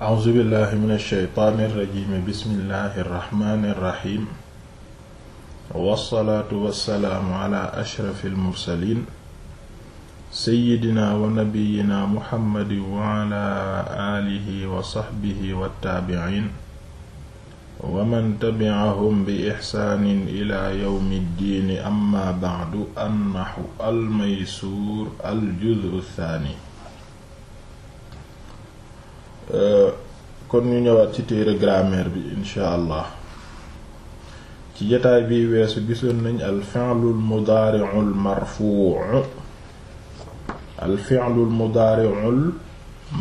a'uuzu billahi min alsheytaani irrajimi bismillahi irrahmani irrahim wassalaatu wassalaamu ala ashrafi almursalin seyidina wa nabiyina muhammadin wa ala aalihi wa saxbihi wattaabiciin wa man tabi'ahum bi ixsaanin ila yawmi ddiini amma ba'du annaxu almaysuur aljuz'u thaani kon ñu ñëwaat ci téere grammaire bi insha allah ci jataay bi weesu gisoon nañ al fi'lul mudaari'ul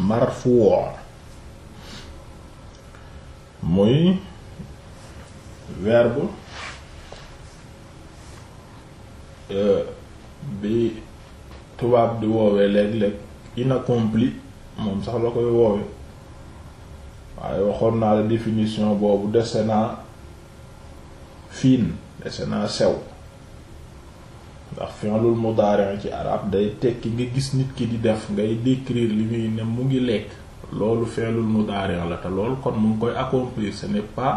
marfuu' al muy verbe euh, bi tubaab di woowee léeg-léeg inaccompli moom sax la koy woowee waaye waxoon naa la définition boobu dese naa fiin dese naa sew ndax fi'lul mudaari ci arab day tekki nga gis nit ki di def ngay décrire li muy ne mu ngi lekk loolu fi'lul mudaari la te loolu kon mu ngi koy accomplir ce n'est pas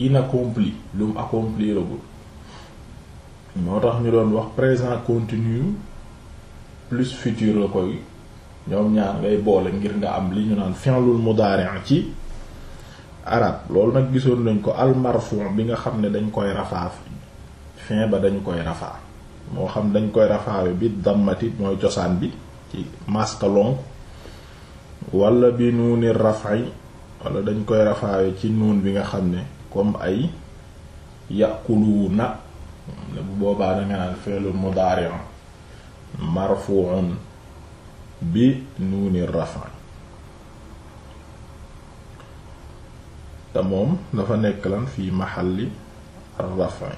inaccompli lu mu accompliragul moo tax ñu doon wax présent continu plus futur la koy ñoom ñaar ngay boole ngir nga am li ñu naan fi'lul mudaari' ci arab loolu nag gisoon nañ ko al bi nga xam ne dañ koy rafaa fin ba dañu koy rafaa moo xam dañ koy rafaawe bi dammati mooy cosaan bi ci maska lonk wala bi nuuni raf'i wala dañ koy rafaawe ci nuun bi nga xam ne comme ay yaquluuna bu boobaa danga naan fi'lul mudaari' marfu'un bi nuuni rafa te moom dafa nekk lan fii maxalli rafa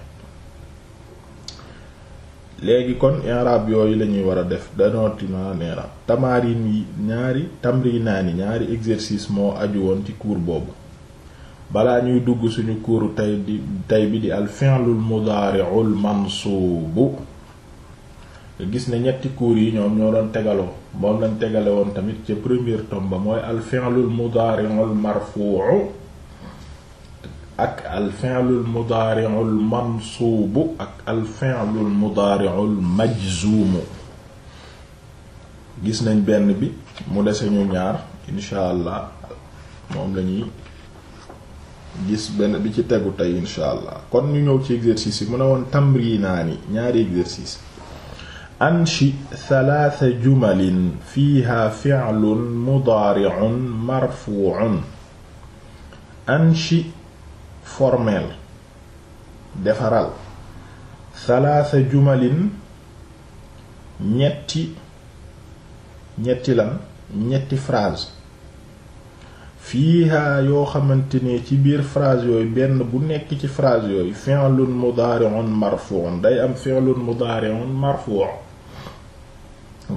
léegi kon i'rab yooyu lañuy ñuy war a def danootima i'rab tamarin yi ñaari tamrinaani ñaari exercice moo aju woon ci cours boobu balaa ñuy dugg suñu cours tey di tey bi di al fi'lul mudaari'ul mansuubu gis ne ñetti cours yi ñoom ñoo doon tegaloo moom lañ tegale woon tamit ca premier tome ba mooy al fi'lul mudari'ul marfu'u ak al fi'lul mudari'ul mansuubu ak gis nañ benn bi mu dese ñu ñaar incha allah moom lañuy gis benn bi ci tegu tey incha allah kon ñu ñëw ci exercice yi mu ne woon tamrinaani ñaari exercice anshi thalaatha jumalin fiiha ficlun mudaaricun marfuucun anshi formel defaral thalaatha jumalin ñetti ñetti lan ñetti phrase fiiha yoo xamante ci biir phrase yooyu benn bu nekk ci phrase yooyu fi'lun mudaari'un marfu'un day am fi'lun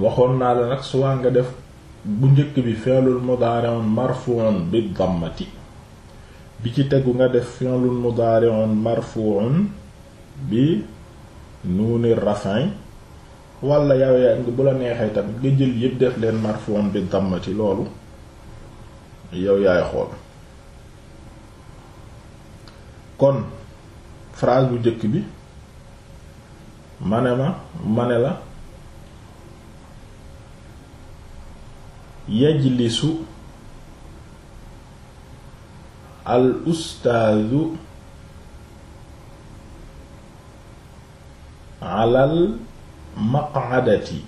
waxoon naa la nag suwaa nga def bu njëkk bi fi'lul mudari'un marfu'un bi dammati bi ci tegu nga def fi'lul mudari'un marfu'un bi nuuni rafin wala yow yaa ngi bu la neexee tamit nga jël yëpp def leen marfu'un bi dammati loolu yow yaay xool kon phrase bu njëkk bi ma ne ma ma ne la yajlisu al ustaazu alal maq'adati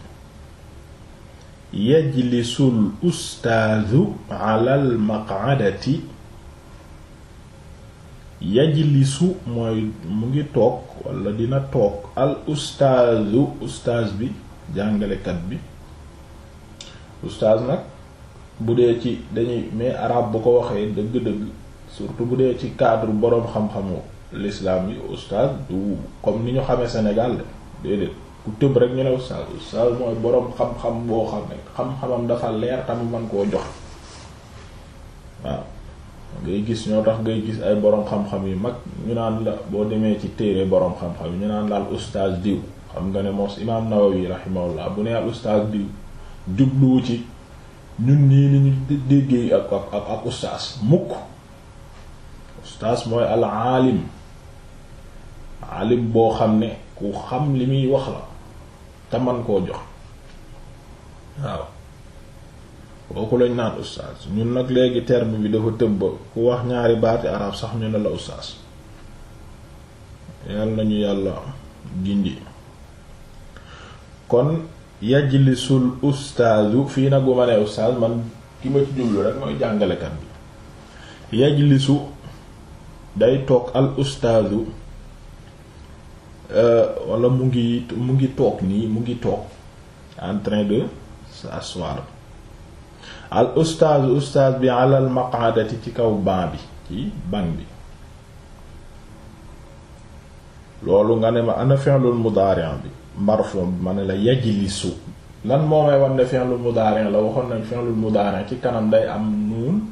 yajlisul ustaazu alal maq'adati yajlisu mooy mu ngi toog walla dina toog al ustaazu ustaaz bi jàngalekat bi oustaz nag bu dee ci dañuy mais arab bu ko waxee dëgg-dëgg surtout bu dee ci cadre boroom xam-xamu l'islam yi oustaz du comme ni ñu xamee senegal de déedéet ku tëb rek ñu ne oustaz oustaz mooy boroom xam-xam boo xam ne xam-xamam dafa leer koo jox waaw ngay gis ñoo tax ngay gis ay boroom xam-xam yu mag ñu naan la boo demee ci téere boroom xam-xam yi ñu naan laal oustaz diw xam nga ne moos imaam Nawawi rahimahullah bu ne al oustaz diw jubluwu ci ñun nii ni ñu déggee ak ak ak ustaas mukk ustaas mooy al aalim aalim boo xam ne ku xam li muy wax la te man koo jox waaw kooku lañ naan ustaas ñun nag léegi terme bi dafa tëb ba ku wax ñaari baati arab sax ñu ne la ustaas yàlla nañu yàlla gindi kon yajlisul ustaazu fii nag bu ma nee ustaaz man ki ma ci jublu rek mooy jàngalekat bi yajlisu day toog al ustaazu euh, walla mu ngi mu ngi toog nii mu ngi toog en train de s'asseoir al ustaazu ustaaz bi alal maqaadati ci kaw ban bi ci ban bi loolu nga ne ma ana fi'lul mudaari' bi marfo ma ne la yajlisu lan moo may wan ne fi'lul mudari' la waxoon nañ fi'lul mudari' ci kanam day am nuun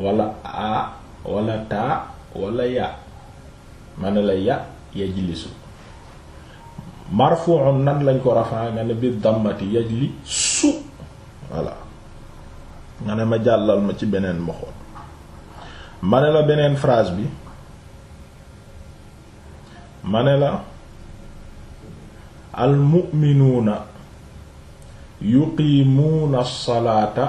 wala a wala taa wala ya ma ne la ya yajlisu marfu'un nan lañ ko rafaa nga ne bi dammati yajlisu voilà nga ne ma jàllal ma ci beneen ma xool ma ne la beneen phrase bi ma ne la almuminuuna yuqiimuuna alsalaata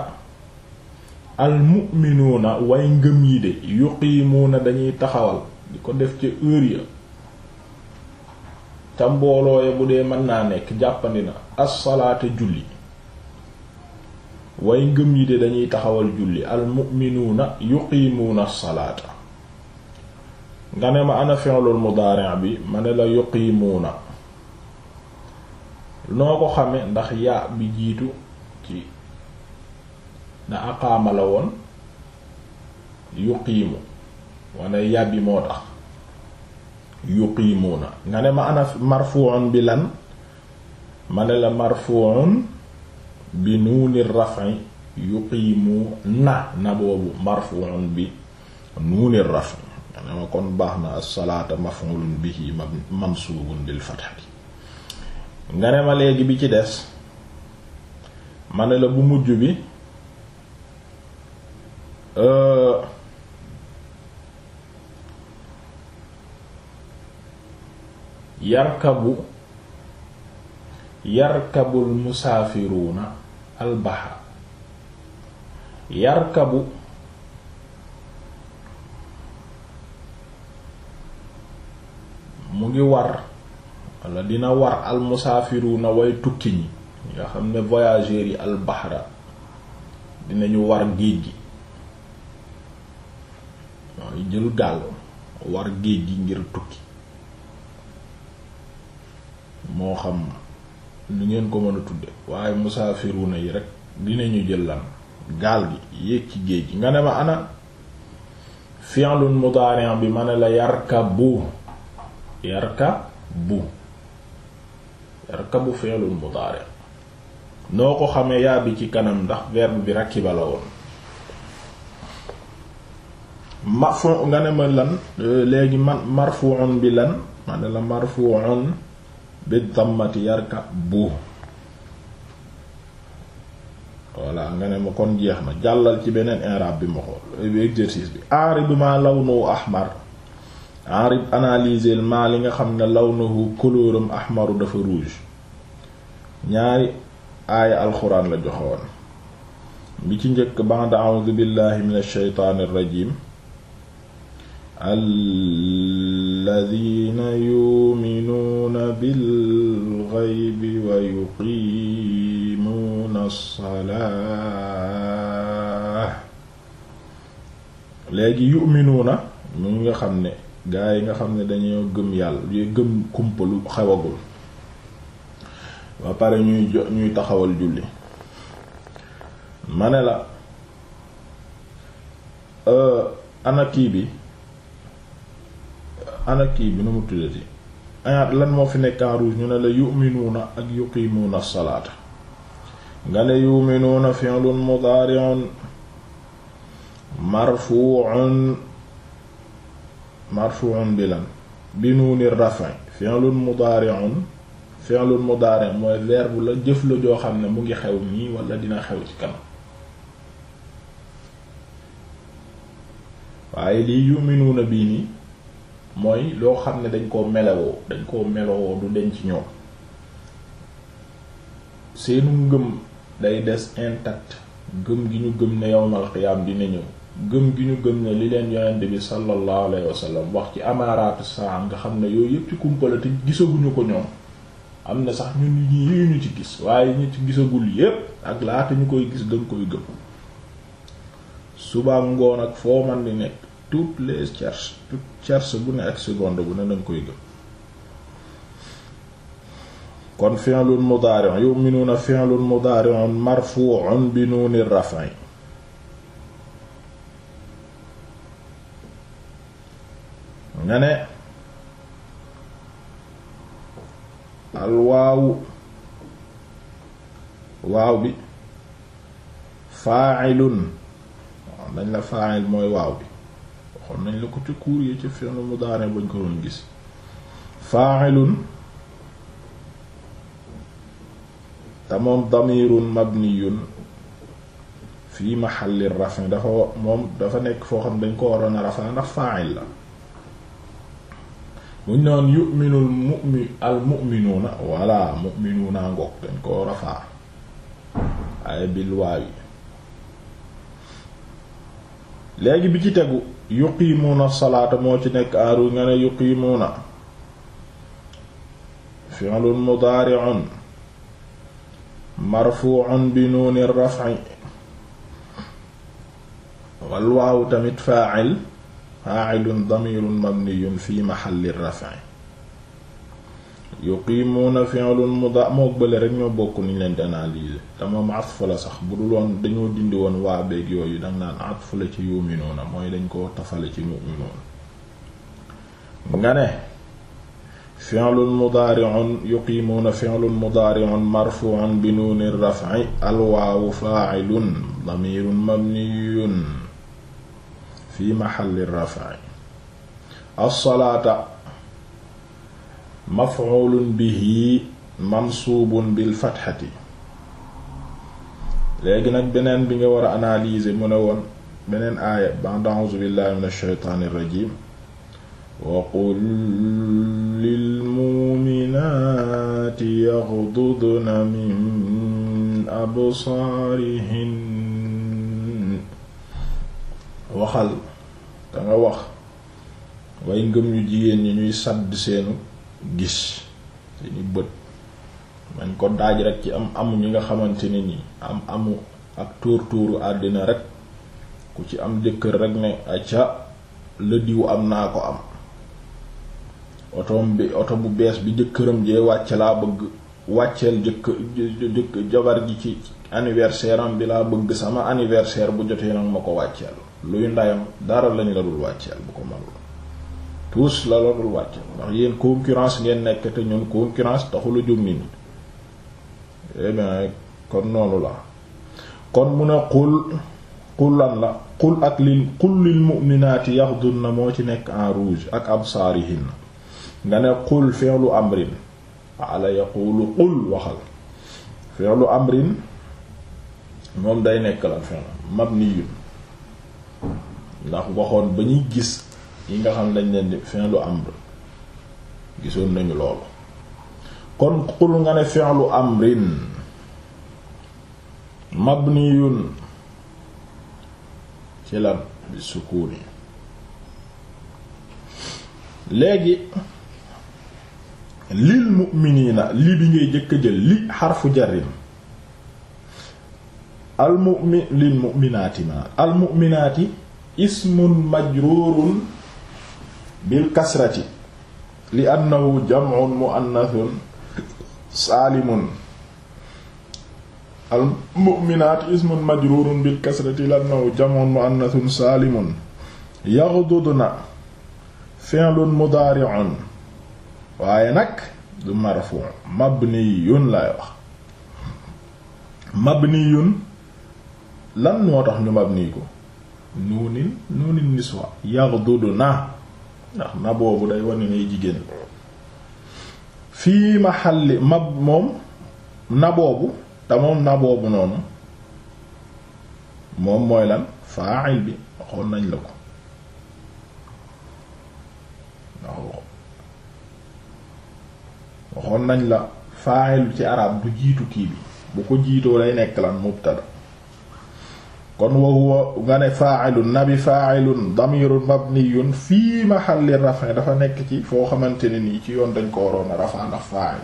almuminuuna way ngëm yi de yuqiimuuna dañuy taxawal di ko def ca heure ya ca mbooloo ya bu dee mën naa nekk jàppandi na alsalaata julli way ngëm yi de dañuy taxawal julli almuminuuna yuqiimuuna alsalaata nga ne ma ana fi'lul bi ma ne la yuqiimuuna noo ko xame ndax ya bi jiitu ci na aqaama la woon yuqiimu wane ya moo tax yuqiimuuna nga ne ma ana marfu'un bi lan ma ne la marfu'un bi nuuni raf'i yuqiimuuna na boobu marfu'un bi nga ne ma kon baax na as-salaata maf'ulun bihi mamsuubun bil fathi nga ne ma léegi bi ci des mane la bu mujj bi euh, yarkabu yarkabul musaafiruuna albaxar yarkabu mu ngi war wala dina war al musaafiruuna way tukki ñi nga xam ne voyageurs yi al bahra dinañu war géej gi waaye jël gaal war géej gi ngir tukki moo xam lu ngeen ko mën a tudde waaye musaafiruuna yi rek dinañu jël lan gaal gi yéeg ci géej gi nga ne ma ana fi'lun mudari' bi ma ne la yarkabu yarkabu yarkabu fi'lun mudari noo ko xamee yaa bi ci kanam ndax verbe bi rakiba la woon marfu nga ne ma lan léegi man marfu'un bi lan ma ne la marfu'un bi dammati yarkabu voilà nga ne ma kon jeex na jàllal ci beneen i'rab bi ma xool exercice bi aari bi ma lawnu ahmar arib analyser li nga xam ne lawnuhu couleuram ahmaru dafa rouge ñaari aaya alxuraan la joxoon bi ci njëkk ba'da a'uudu billahi minash shaytaanir rajiim alladhiina yu'minuuna léegi yu'minuuna mu nga xam ne gaa yi nga xam ne dañoo gëm yàlla yu gëm kumpa xewagul ba pare ñuy jo ñuy taxawal julli ma ne la euh, ana bi ana bi nu mu tuddati ayaat lan moo fi nekk en ñu ne la yu'minuuna ak yuqiimuuna salaata nga ne yu'minuuna fi'lun mudaari'un marfu'un marfuun bi lan bi nuuni rafa fi'lun mudaari'un fi'lun mudaari' mooy verbe la jëf la joo xam ne mu ngi xew nii walla dina xew ci kanam waaye lii yuminuuna bii nii mooy loo xam ne dañ koo melowoo dañ koo melowoo du denc ñoom seenu ngëm day des intact gëm gi ñu gëm ne yawmal qiyaam dina ñëw gëm gi ñu gëm ne li leen yonent bi sallallahu alayhi wax ci amaaraatu saa nga xam ne yooyu yëpp ci kumpala te gisaguñu ko ñoom am na sax ñun yi ñu ci gis waaye ñu ci gisagul yépp ak laata ñu koy gis gën koy gëm suba ngoon ak foo man di nekk toutes les cherches toute cherche bu ne ak seconde bu ne dañ koy gëm kon fi'lun mudari'un yu'minuna fi'lun mudari'un marfu'un bi nuuni raf'i nga ne alwaawu waaw bi fa'ilun waaw dañ la fa'il mooy waaw bi waxoon nañ la ko ci cours yi ci fi'l mudari bañ ko doon gis fa'ilun te moom damirun mabniyun fi mahalli rafin dafa moom dafa nekk foo xam dañ ko waroon a rafin ndax fa'il la buñ noon yu'minul mu'min al mu'minuuna ngoog dañ ko rafaa ay bil waawi léegi bi ci tegu yuqiimuuna salaata moo ci nekk aaru nga ne yuqiimuuna fi'lun mudaari'un marfu'un bi nuuni raf'i wal waawu tamit faa'il faa'ilun damirun mabniyun fi mahalli raf'i yuqimuuna fi'lun muda moo bële rek ñoo bokk niñ leen di analyser te moom atf sax bu dul woon dañoo dindi woon waa beeg yooyu dang naan atf ci yuminuuna mooy dañ koo tafale ci muminuuna nga ne fi'lun mudaari'un yuqimuuna fi'lun mudaari'un marfu'un bi nuuni raf'i alwaawu faa'ilun damirun mabniyun fi maxalli rafai alsalaata maf'ulun bihi mansuubun bil fatxati léegi nag beneen bi nga war a analyser mu ne woon beneen aaya ba'da a'uuzu billahi min ash-shaytaani rajiim wa qul lil mu'minaati yaxdudna min absaarihin waxal te wax way ngëm ñu jigéen ñi ñuy sàdd seenu gis seeni bët man ko daaj rek ci am amu ñi nga xamante ne nii am amu ak tuur tuuru àddina rekk ku ci am jëkkër rek ne acca la diw am naa ko am otoom bi oto bu bees bi jëkkëram jee wàcce laa bëgg wàcceel jëkk jabar ji ci anniversaire bi laa bëgg sama anniversaire bu jotee nag ma ko wàcceel luy ndayam dara lañu la dul wàcceel bu ko manul tous la la dul wàcceel ndax yéen concurrence ngeen nekk te ñun concurrence taxula jóg nit ñi eh kon noonu la kon mu ne xul xul lan la xul ak li xul lil mu'minaati yaxdunna moo ci nekk en rouge ak absaarihinna nga ne xul fi'lu amrin ala yaqulu xul waxal fi'lu amrin moom day nekk la fi'l mabniyun ndax waxoon ba ñuy gis yi nga xam dañ leen di fi'lu amr gisoon nañu loolu kon xul nga ne fi'lu amrin mabniyun ci lan bi sukuni léegi lil mu'minina lii bi ngay jëkk jël li xarfu jarin al mu'min lil mu'minaati ma al mu'minaati ismun majruurun bil kasrati li annahu jam'un mu'annathun saalimun al mu'minaati ismun majruurun bil kasrati li annahu jam'un mu'annathun saalimun yaghdudna fi'lun mudaari'un waaye nag du marfu' mabniyun lay wax mabniyun lan moo tax ñu mab nii ko nuunin nuunin niswa yaghdudu naa ndax na boobu day wane ne jigéen fii mahalli mab moom na boobu te moom na boobu noonu moom mooy lan fa'il bi xool nañ la ko waaw waxoon nañ la fa'il ci arab du jiitu kii bi bu ko jiitoo day nekk lan mubtada kon wa huwa nga ne fa'ilun nabi fa'ilun damirun mabniyun fii mahalli rafe dafa nekk ci foo xamante ne nii ci yoon dañ ko waroon a rafa ndax fa'il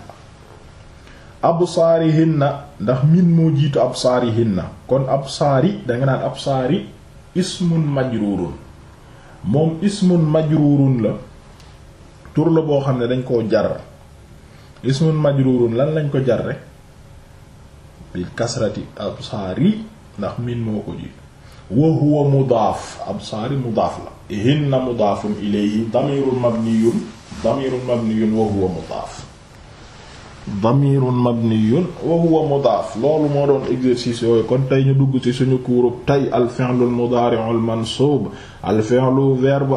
absaarihinna ndax min moo jiitu absaarihinna kon absaari danga naan absaari ismun majruurun moom ismun majruurun la tur la boo xam ne dañ koo jar ismun majruurun lan lañ ko jar rek bil ndax min moo ko ji wa huwa mudaaf absaari mudaaf la hinna mudaafun ilayhi damirun mabniyun damirun mabniyun wa huwa mudaaf damirun mabniyun wa mudaaf loolu moo doon exercice yooyu kon tey ñu dugg ci suñu kuurub tey al fi'lu al mudaari'u al mansuub al fi'lu verbe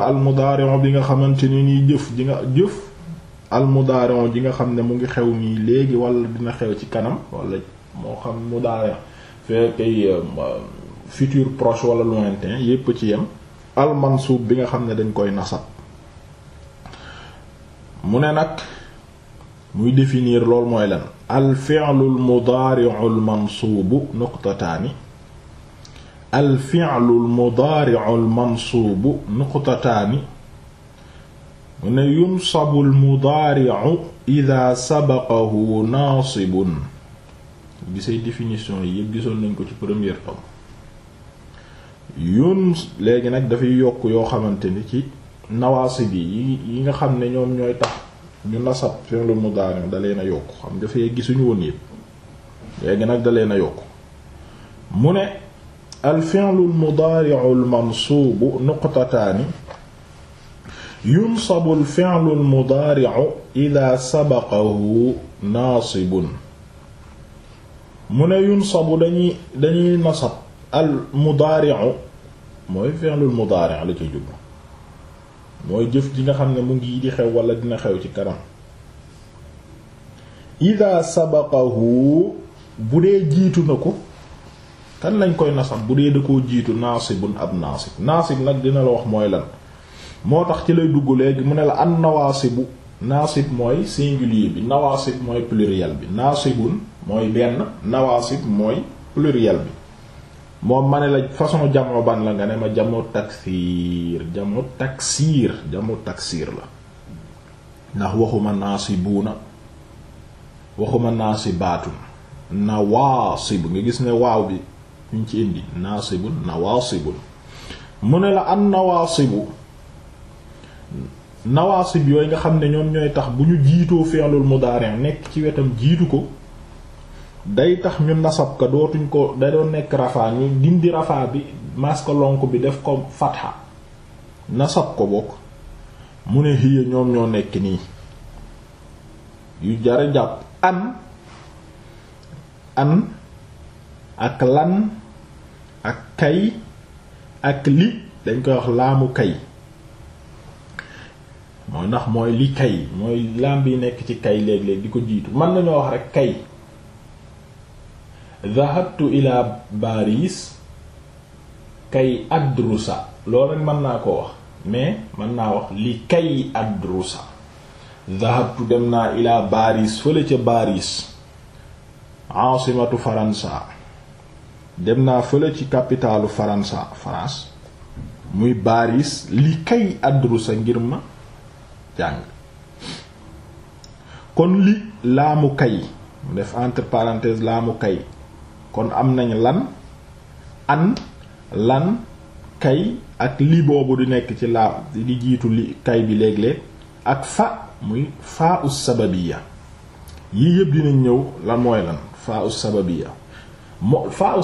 bi nga xamante ni ñuy jëf ji nga jëf al ji nga xam ne mu ngi xew nii léegi wala dina xew ci kanam wala moo xam mudaari'u fekkay euh, futur proche wala lointain yépp ci yem al bi nga xam ne dañ koy nasab mu ne nag muy définir loolu mooy lan al fi'lu al nuqtataani mu ne yunsabu al mudaari'u sabaqahu naasibun gisee définition yi yëpp gisoon nañ ko ci premier tome yoon léegi nag dafay yokk yoo xamante ni ci nawaasi bi yi yi nga xam ne ñoom ñooy tax ñu nasab fi'lu mudari da leen a yokk xam nga gisuñu woon yëpp léegi nag da leen yokk mu ne al fi'lu al-mudari'u al-mansubu nuqtatani yunsabu al fi'lu al-mudari'u sabaqahu nasibun mu ne yunsabu dañuy dañuy nasab al mudaari'u mooy fi'lul mudaari' la ci jublu mooy jëf ji nga xam ne mu ngi di xew wala dina xew ci kanam ida sabaqahu bu dee jiitu na ko kan lañ koy nasab bu dee da koo jiitu naasibun ab naasib naasib nag dina la wax mooy lan moo tax ci lay dugg léegi mu ne la an nawaasibu naasib mooy singulier bi nawaasib mooy pluriel bi naasibun mooy benn nawaasib mooy pluriel bi moom ma ne la façon jamo ban la nga ne ma jamo taksiir jamo taksiir jamo taksiir la ndax waxuma naasibuuna waxuma naasibaatun nawaasib nga gis ne waaw bi ñu ci indi naasibun nawaasibun mu ne la an nawaasibu nawaasib yooyu nga xam ne ñoom ñooy tax bu ñu jiitoo mu mudaari' nekk ci wetam jiitu ko day tax ñu nasab ka dootuñ ko da doon nekk rafaa ñu dindi rafaa bi maska lonk bi def ko fatha nasab ko bokk mu ne hiya ñoom ñoo nekk nii yu jara jàpp an an ak lan ak kay ak li dañ koy wax laamu kay mooy ndax mooy li kay mooy laam bi nekk ci kay léeg-léeg di ko jiitu mën nañoo wax rek kay dhahabtu ila Paris kay adrusa loolu rek mën naa ko wax mais mën naa wax li kay adrusa dhahabtu dem naa ila Paris fële ca Paris aasimatu Faransa dem naa fële ci capitalu Faransa France muy Paris li kay adrusa ngir ma jàng kon li laamu kay def entre parenthèses laamu kay kon am nañ lan an lan kay ak li boobu di nekk ci laa di jiitu li kay bi léeg-léeg ak fa muy faa u sababiya yii yëpp dinañ ñëw lan mooy lan faa u sababiya mo faa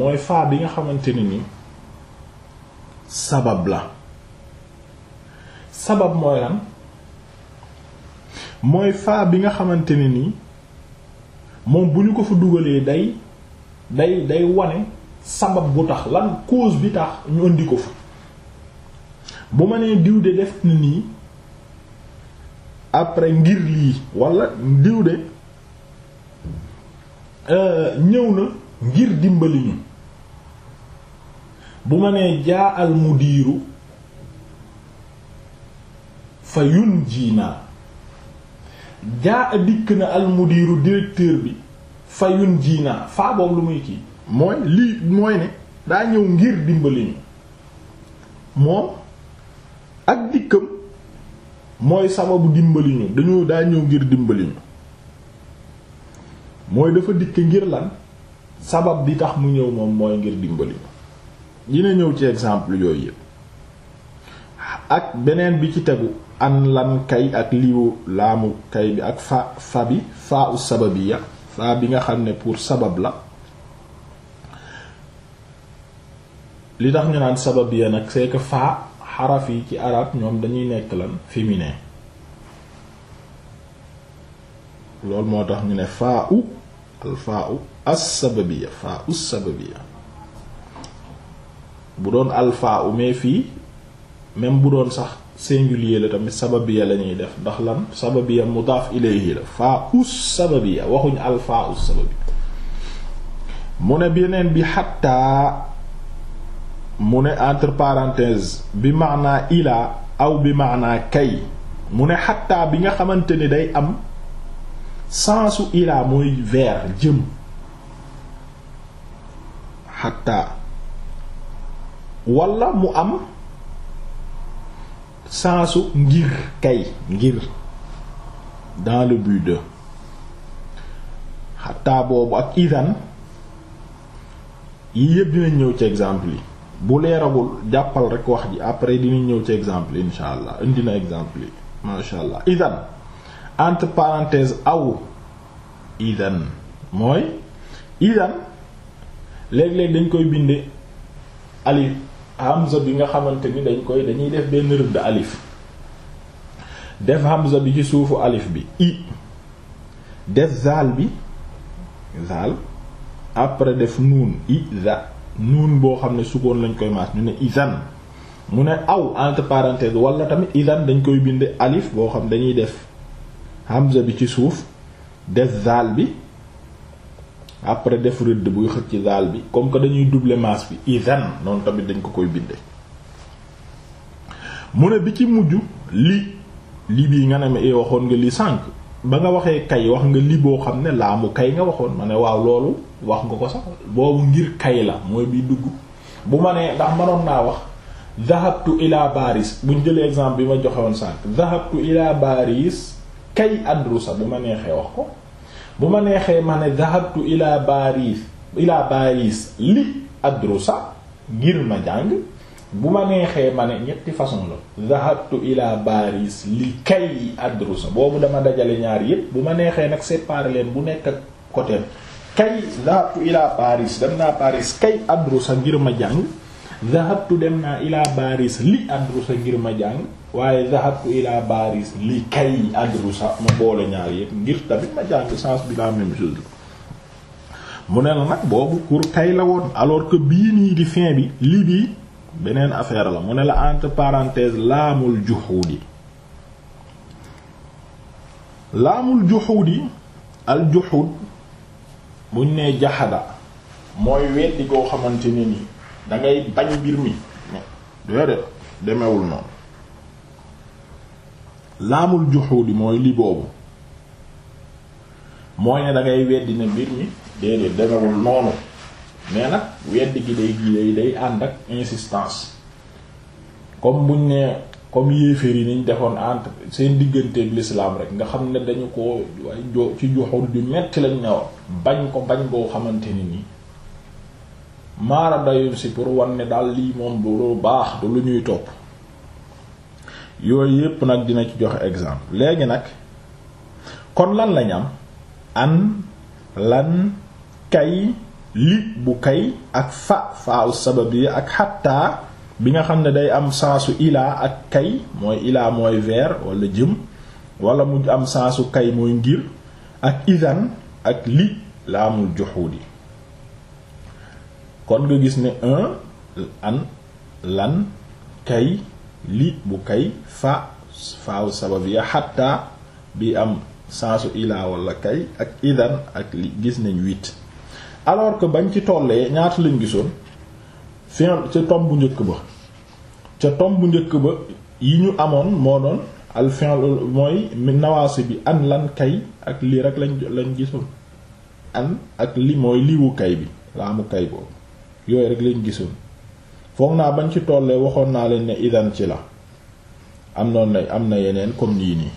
mooy faa bi nga xamante ni ni sabab la sabab mooy lan mooy faa bi nga xamante ne ni moom bu ñu ko fa dugalee day day day wane sabab bu tax lan cause bi tax ñu indi ko fa bu ma nee diw de def na nii après ngir lii wala diw de euh, ñëw na ngir dimbali ñu bu ma nee jaa al mudiiru fa yun jii naa jaa a dikk na al mudiiru directeur bi fayun jiinaa faa boobu lu muy kii mooy lii mooy ne daa ñëw ngir dimbali ñu moom ak dikkam mooy sababu dimbali ñu dañoo daa ñëw ngir dimbali ñu mooy dafa dikk ngir lan sabab bi tax mu ñëw moom mooy ngir dimbali ñu dina ñëw ci exemple yooyu yëpp ak beneen bi ci tegu an lan kay ak liwu laamu kay bi ak fa fa bi faa u sababiya saa bi nga xam ne pour sabab la li tax ñu naan sabab ya nag c'est que faa xaraf yi ci arab ñoom dañuy nekk lan féminin loolu moo tax ñu ne faa u al faa u as-sababiyya faa u sababiyya bu doon al faa u mais fii même bu doon sax singulier la tamit sababiya la ñuy def ndax lan sababiya mudaaf ilayhi la faa us sababiya waxuñ al faa us sababiya mu ne beneen bi xattaa mu ne entre parenthèses bi maanaa ilaa aw bi maanaa kay mu ne xatta bi nga xamante ni day am sensu ila mooy vers jëm xattaa walla mu am sensu ngir kay ngir dans le but de xataa boobu ak idan yi yëpp dinañ ñëw ci exemple yi bu leeragul jàppal rek wax ji après dinañ ñëw ci exemple yi insha allah indi na exemple yi masha allah idan entre parenthèses aw idan mooy idan léeg-léeg dañ koy binde alif hamza bi nga xamante ni dañ koy dañuy def benn rëdd alif def hamza bi ci suufu alif bi i def zaal bi zaal après def nuun i za nuun boo xam ne sukkoon lañ koy maas ñu ne izan mu ne aw entre parenthèse wala tamit izan dañ koy bind alif boo xam dañuy def hamza bi ci suuf des zaal bi après def rëdd buy xëcc ci daal bi comme que dañuy doubler masse bi izan noonu tamit dañ ko koy binde mu ne bi ci mujj li li bii nga ne ma ee eh, waxoon nga li sànq ba nga waxee kay wax nga li boo xam ne laa mu kay nga waxoon ma ne waaw loolu wax nga ko sax boobu ngir kay la mooy biy dugg bu ma nee ndax mënoon naa wax dhahabtu illa baris buñ jëlee exemple bi ma joxewoon sànq dhahabtu ila baris kay adrusa bu ma neexee wax ko bu ma neexee ma ne dahabtu ila baris ila baris li adrusa ngir ma jàng bu ma neexee ma ne ñetti façon la dahabtu ila baris li kay adrusa boobu dama dajale ñaar yépp bu ma neexee nag séparer leen bu nekk ak côté kay dahabtu ila baris dem naa baris kay adrusa ngir ma jàng dahabtu dem naa ila baris li adrusa ngir ma jàng waaye zahabtu ila Paris li kay adrusa ma boole ñaar yépp ngir tamit ma jàng sens bi la même chose mu ne la nag boobu pour la woon alors que bii nii di fin bi li bii beneen affaire la mu ne la entre parenthèse laamul juhuudi laamul juhuudi al juhuud buñ ne jaxada mooy weddi koo xamante ne ni da bañ mbir mi déedéet demewul noonu laamul juxuudi mooy li boobu mooy ne da ngay weddi mbir mi déedéet demewul noonu mais nag weddi gi day gi day ànd ak insistance comme buñ ne comme yéeféer yi niñ defoon entre seen digganteeg l'islam rek nga xam ne dañu ko way ci juxuud bi metti lañ ñëw bañ ko bañ boo xamante ni nii maara dayul si pour wan ne daal lii moom du lu baax du lu ñuy topp yooyu yépp nag dina ci joxe exemple léegi nag kon lan lañ am an lan kay li bu kay ak fa faaw sabab yi ak xatta bi nga xam ne day am saasu ilaa ak kay mooy ilaa mooy vers walla jëm wala mu am saasu kay mooy ngir ak idan ak li laamul juxuudi kon nga gis ne un an lan kay li bu kay fa faaw sababiya xatta bi am saasu ilaa wala kay ak idan ak li gis nañ huit alors que bañ ci tollee ñaata lañ gisoon fi ca tom bu njëkk ba tom bu njëkk ba yi ñu amoon moo doon al fi'l mooy nawaasi bi an lan kay ak lii rek lañ lañ gisoon an ak li mooy liiwu kay bi laamu kay boobu yooyu rek lañ gisoon foog naa bañ ci tollee waxoon naa leen ne idan ci la am noonu na am na yeneen comme lii nii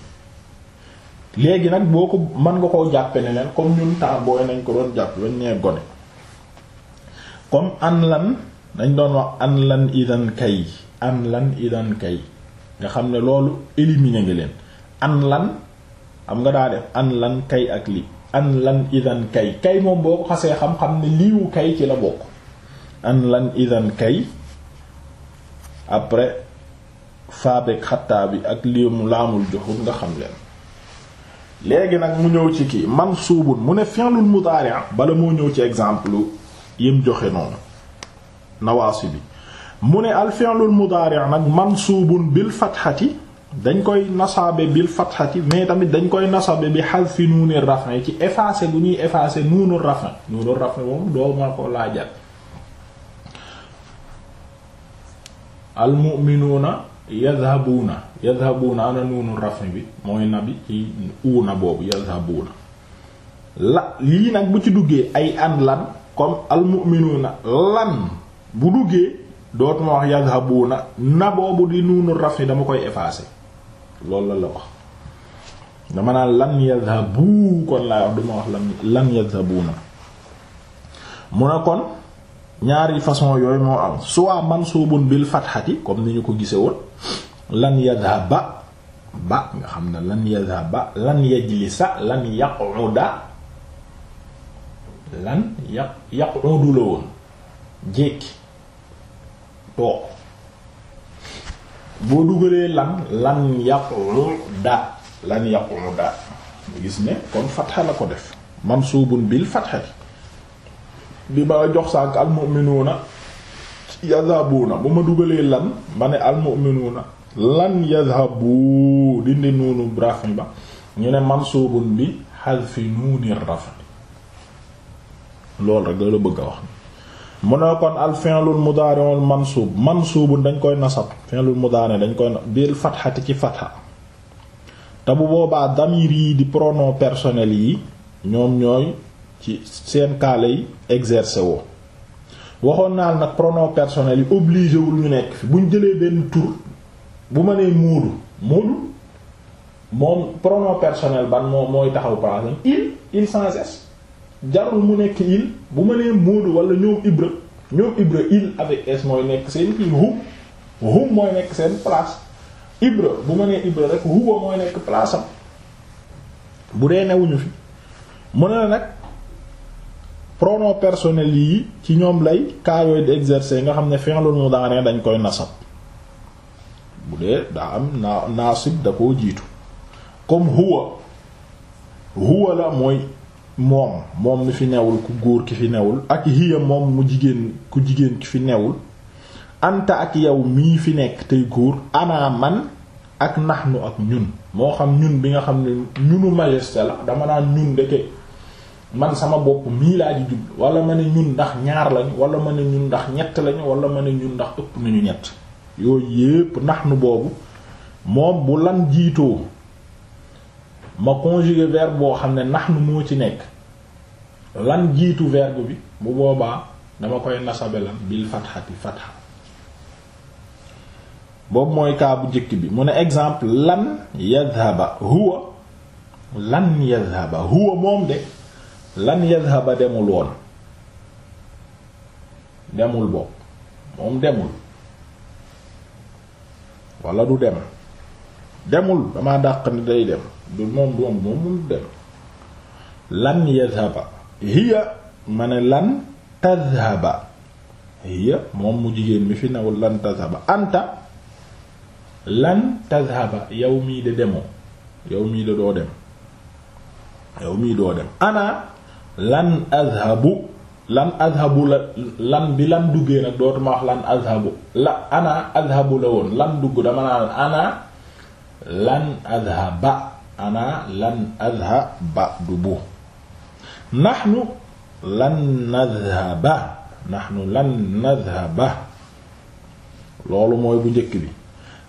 léegi nag boo ko mën nga koo jàppe ne leen comme ñun temps booy nañ ko doon jàpp bañ nee gone comme an lan dañ doon wax an lan idan kay an lan idan kay nga xam ne loolu éliminer ngi leen an lan xam nga daa def an lan kay ak li an lan idan kay kay moom boo ko xasee xam-xam ne liiwu kay ci la bokk an lan idan kay après faabeeg xattaa bi ak limu laamul joxul nga xam leen léegi nag mu ñëw ci kii mansuubun mu ne fi'lul mudaari' bala moo ñëw ci exemple yim joxe noonu nawaasi bi mu ne al fi'lul mudaari' nag mansuubun bil fatxati dañ koy nasaabe bil fatxati mais tamit dañ koy nasaabe bi xadfi nuuni raf'i ci effacé bu ñuy effacé nuunu raf'i nuunu raf'i moom doo ma ko laajal al mu'minuuna yadhabuuna yadhabuuna ana nuunu rafni bi mooy nabi ci uuna boobu yadhabuuna la lii nag bu ci duggee ay an lan comme almuminuuna lan bu duggee dootuma wax yadhabuuna na boobu di nuunu rafni dama koy effacer loolu la la wax dama naan lan yadhabu kon laa wax duma wax lan lan mu ne kon ñaari façon yooyu moo am soit mansuubun bil fatxati comme ni ñu ko gise woon lan yadhaba ba nga xam ne lan yadhaba lan yajlisa lan yaquda lan yaq yaqudu la woon jékki toog boo dugalee lan lan yaquda lan yaquda mu gis ne kon fatxa la ko def mansuubun bil fatxati bi ba jox sànk almu'minuuna yadhabuuna bu ma dugalee lan ma ne almu'minuuna lan yadhabu dindi nuunu rafi ba ñu ne mansuubun bi hadfi nuuni rafi loolu rek la bëgg a wax mu ne kon al fi'lul mudaari'ul mansuub mansuubun dañ koy nasab fi'lul mudaari' dañ koy bil fatxati ci fatxa te bu boobaa damir yi di prono personnel yi ñoom ñooy ci seen kaala yi exercer woo waxoon naa nag pronom personnel yi obligé wul ñu nekk fi buñ jëlee benn tur bu ma nee Moodu Moodu moom pronom personnel ban moo mooy taxaw par exemple il il sans cesse jarul mu nekk il bu ma nee Moodu wala ñoom Ibra ñoom Ibra il avec s mooy nekk seen kii hum hum mooy nekk seen place Ibra bu ma nee Ibra rek huwa mooy nekk place bu dee newuñu fi mu ne la nag pronom personnel yi ci ñoom lay cas di exercer nga xam ne fi'lul mudari dañ koy nasab bu daa am naa naasib da koo jiitu comme huwa huwa la mooy moom moom mi fi newul ku góor ki fi newul ak hiya moom mu jigéen ku jigéen ki fi newul anta ak yow mii fi nekk tey góor ana man ak naxnu ak ñun moo xam ñun bi nga xam ne ñunu majesté la dama naan ñun ndeke man sama bopp mii laa ji jublu wala ma ne ñun ndax ñaar lañ wala ma ne ñun ndax ñett lañu wala ma ne ñun ndax ëpp nañu ñett yooyu yépp naxnu boobu moom bu lan jiitoo ma conjuguer verbe boo xam ne nu moo ci nekk lan jiitu verbe bi bu boobaa dama koy nasabe lan bil fatxati fatxa boobu mooy kaa bu njëkk bi mu ne exemple lan yadhaba huwa lan yadhaba huwa moom de lan yadhaba demul woon demul bopp moom demul wala du dem demul damaa dàq ni day dem du moom doom moom mun dem lan yadhaba hiya ma ne lan tadhaba hiya moom mu jigéen mi fi nawul lan tadhaba anta lan tadhaba yow mii de demoo yow mii de doo dem yow mii doo dem ana lan adhabu lan azhabu la lan bi lan duggee nag dootuma wax lan azhabu la ana azhabu la woon lan dugg dama naan ana lan azhaba ana lan azhaba du bu nahnu lan nadhaba nahnu lan nadhaba loolu mooy bu njëkk bi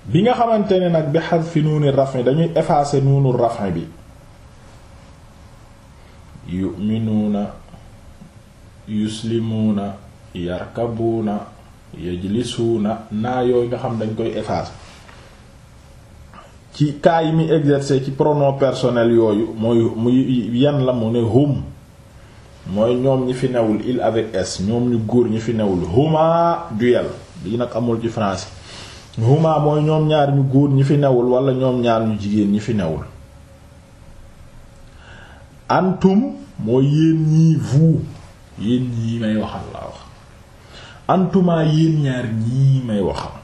bi nga xamante ne nag bi hadfi nuuni raf'i dañuy effacer nuunu raf'i bi yu'minuuna na yuslimuuna yarkabuuna na naa yooyu nga xam dañ koy effacer ci cas yi mi exercer ci pronom personnel yooyu mooy muy yan la mu ne hum mooy ñoom ñi fi newul il avec s ñoom ñu góor ñi fi newul huma duel lii nag amul ci français huma mooy ñoom ñaar ñu góor ñi fi newul wala ñoom ñaar ñu jigéen ñi fi newul antum mooy yéen ñii vous yéen ñii may waxal laa wax antumaa yéen ñaar ñii may waxal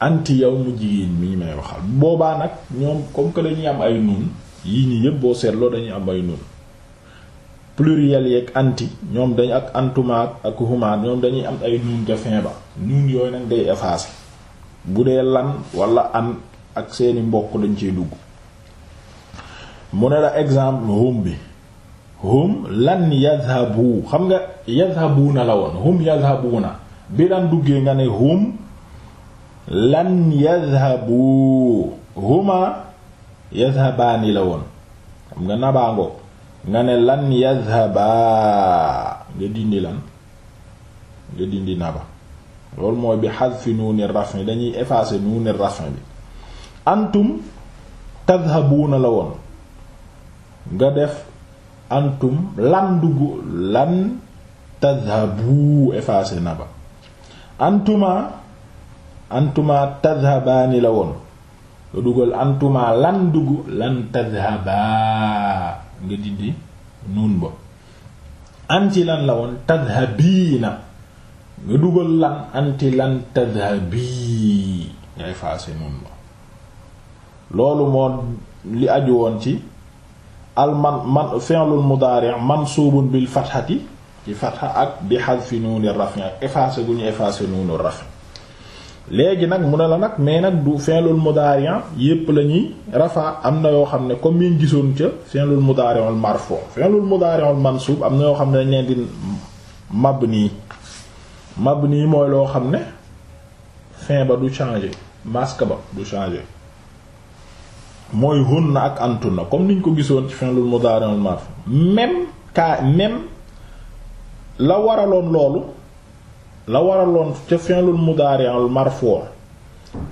anti yow mu jigéen mii may waxal boobaa nag ñoom comme que dañuy am ay nun yii nii yëpp boo seetloo dañuy am ay nun pluriel yeeg anti ñoom dañ ak antumaat ak huma ñoom dañuy am ay nun ca fin ba nun yooyu nag day effacé bu dee lan wala an ak seeni mbokk dañ ciy dugg mu ne la exemple hum bi hum lan yadhabu xam nga yadhabuuna la woon hum yadhabuuna bi daan duggee nga ne hum lan yadhabu huma yadhabaani la woon xam nga nabaango nga ne lan yadhabaa nga dindi lan nga dindi naba loolu mooy bi hadfi nuuni raf'i dañuy effacer nuuni raf'i bi antum tadhabuuna la woon nga def antum lan dugg lan tadhabu effacé na ba antuma antuma tadhabaani la woon nga dugal antuma lan dugg lan tadhabaa nga dindi nuun ba anti lan la woon tadhabiina nga dugal lan anti lan tadhabii nga effacé nuun ba loolu moo li aju woon ci al man man fi'lul mudaari' mansuubun bil fathati ci ak bi hadfi nuuni rafi' ak effacé gu ñu effacé nuunu rafi' léegi nag mu ne la nag mais nag du fi'lul mudaari' yëpp la ñuy rafa am na yoo xam ne comme yi ñu gisoon ca fi'lul mudaari'ul marfu' fi'lul man mansuub am na yoo xam ne dañ leen di mabni mabni mooy loo xam ne fin ba du changer masque ba du changer. mooy na ak antunna comme niñ ko gisoon ci fi'lul mudari' al marfu même kaa même la waraloon loolu la waraloon ca fi'lul mudari' al marfu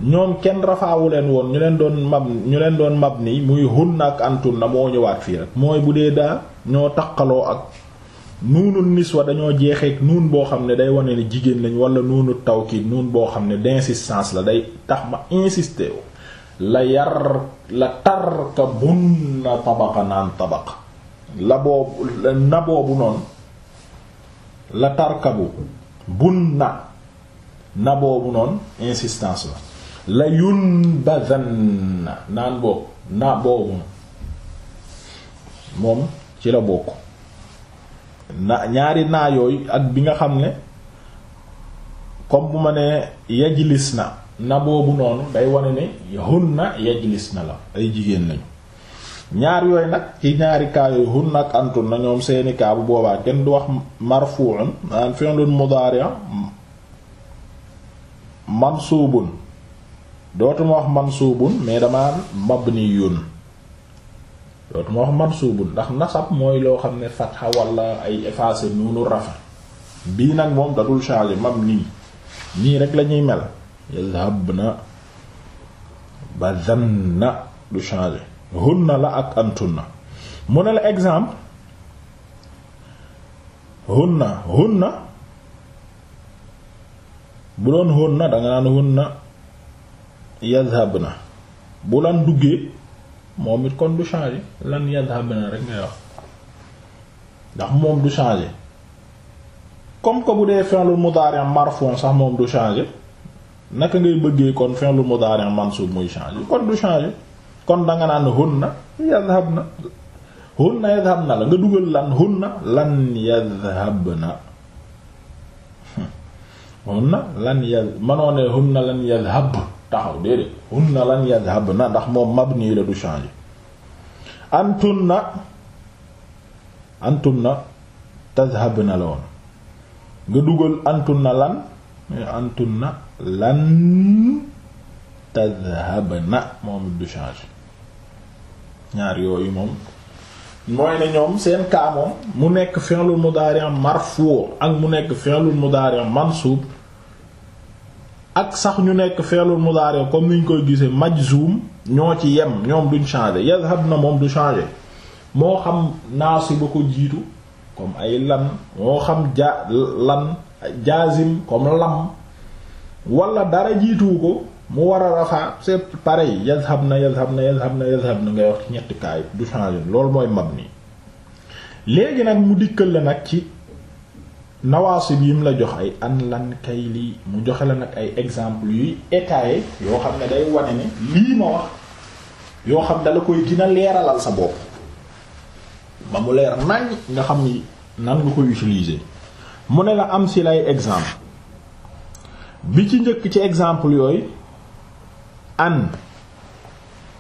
ñoom kenn rafaawu leen woon ñu leen doon mab ñu leen doon mab nii muy na ak antunna moo ñëwaat fii rek mooy bu dee daal ñoo taqaloo ak nuunu wa dañoo jeexeek nuun boo xam ne day wane ne jigéen lañ wala nuunu tawkiid nuun boo xam ne d'insistance la day tax ma insister la yar la tarka bun na tabaqa naan tabaqa la boobu na boobu noonu la tarkabu bun na na boobu noonu insistance la la yun bazan na naan boobu na boobu moom ci la bokk ñaari naa yooyu ak bi nga xam ne comme bu ma ne yajlis na na boobu noonu day wane ne hunna yajlis na la ay jigéen lañu ñaar yooyu nag ci ñaari kaa yooyu hunna ak antun na ñoom seeni kaa boobaa kenn du wax marfu'un an fi'lun mudari'un mansubun dootuma wax mansubun mais damaa mabniyun dootuma wax mansubun ndax nasab mooy loo xam ne fatha la ay effacé nuunu rafa bii nag moom dadul changer mabni nii rek lañuy mel yadhabna badanna du changer na la ak antunna mu ne la exemple hunna na bu doon hunna danga naan hunna yadhabna bu lan duggee moom it kon du changer lan yadhabna rek ngay wax ndax moom du changer comme que bu dee fi'lul mudari' marfu' sax moom du changer naka ngay bëggee kon fi'lu mudari' mansub muy changer kon du changer kon danga naan hunna yadhhabna hunna yadhhabna la nga dugal lan hunna lan yadhhabna hunna lan yad manoo ne hunna lan yadhhab taxaw déedéet hunna lan yadhhabna ndax moom mabni la du changer antunna antunna tadhhabna la woon nga dugal antunna lan antunna lan tadhabna moom it du changer ñaar yooyu moom mooy ne ñoom seen kaa mu nekk fi'lul mudari' marfu ak mu nekk fi'lul mudari' mansub ak sax ñu nekk fi'lul mudari' comme niñ koy gisee majzum ñoo ci yem ñoom duñ changer yadhhabna moom du changer moo xam naasib ba ko jiitu comme ay lan moo xam ja lan jaazim comme lam wala dara jiituwu ko mu war a rafaa c'est pareil yazhab na yazhab na yazhab na yazhab na ngay wax ci du changer loolu mooy mabni léegi nag mu dikkal la nag ci nawaasib yi mu la jox ay an lan kay lii mu joxe la nag ay exemple yuy étayer yoo xam ne day wane ne lii ma wax yoo xam dala koy dina leeralal sa bopp ba mu leer nañ nga xam ni nan nga koy utiliser mu ne la am si lay exemple bi ci njëkk ci exemple yooyu an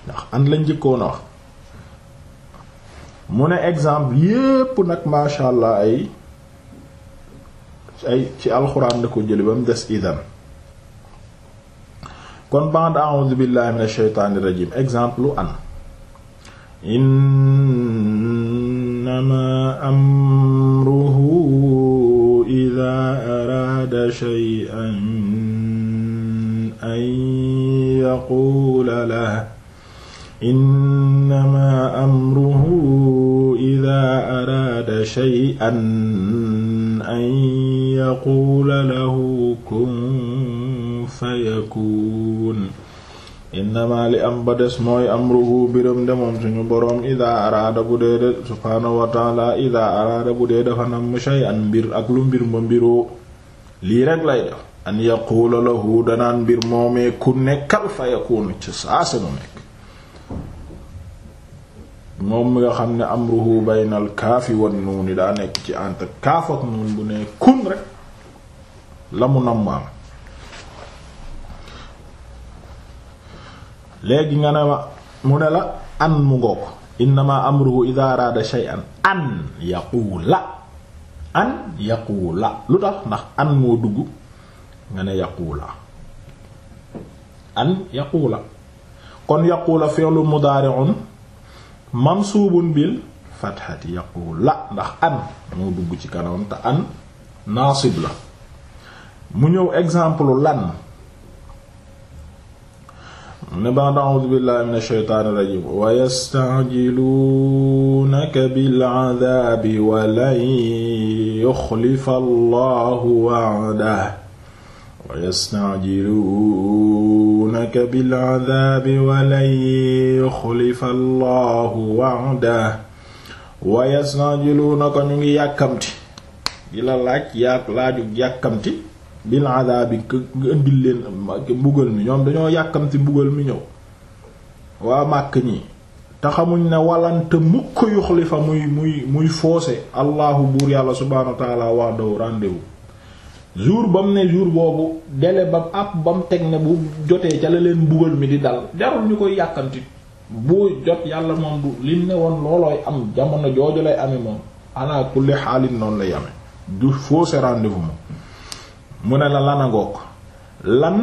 ndax an lañ njëkkoon wax mu ne exemple yépp nag masha allah ay ay ci alxuraan la ko jële ba mu des idan kon band a'udhu billahi minash shaytanir rajim exemple an innama amruhu idha arada yaquula lahu innamaa amruhu idaa araada an yaquula lahu kun fayakuun innamaa li am ba des mooy amruhu biram de moom suñu boroom idaa araada bu dee de subhaanahu wa taala idaa araada bu dee dafa nam shay'an mbir ak lu mbir ma mbiroo lii an yaquula lahu danaan mbir moomee ku nekkal fa yakunu ci saa sa mu nekk moom mi nga xam ne amruhu baynal kaafi wan daa nekk ci ant kaaf ak nuun bu ne kun rek la mu nammaam léegi nga ne ma mu ne la an mu ngoo ko innama amruhu idha shay'an an yaquula an yaquula lu tax ndax an moo dugg nga ne yaquula an yaquula kon yaquula fi'lu mudaari'un mansuubun bil fatxati la ndax an moo dugg ci kanamam te an naasib la mu ñëw exemple lan ne ba'd a'uudu billahi min ashaytaani rajiim wa yasta'jiluunaka bil 'adaabi wa lan yuxlifa allahu wa'dahu wa yasta'jiluunaka bil'adaabi wa lan yuxlifa allahu wa'dahu wa yasta'jiluunaka ñu ngi yàkkamti di la laaj yaa laaju yàkkamti bil'adaabi ëndil leen mbugal mi ñoom dañoo yàkkamti mbugal mi ñëw waa màkk ñi te xamuñ ne mukk yuxlifa muy muy muy foose allahu buur yàlla subhaanahu wa ta'aala wa'dahu jour ba mu ne jour boobu délai ba àpp ba mu teg na bu jotee ca la leen mbugal mi di dal jarul ñu koy yàkkanti bu jot yàlla moom du li ne woon loolooy am jamono jooju lay amee moom ala kulli xaalin noonu lay amee du fausse rendez-vous moom mu ne la lan a ngoog lan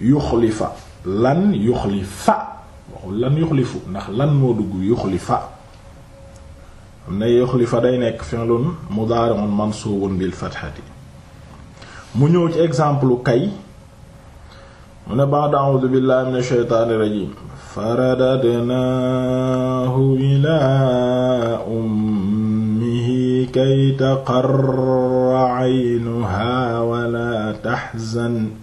yuxlifa lan yuxlifa waxul lan yuxlifu ndax lan moo dugg yuxlifa xam ne yuxlifa day nekk fi'lun mudaari'un mansuubun bil fathati mu ñëw ci exemple kay mu ne ba'da a'uudu billahi minash shaytaanir rajiim faradadnaahu ilaa ummihi kay taqarra aynuhaa walaa tahzan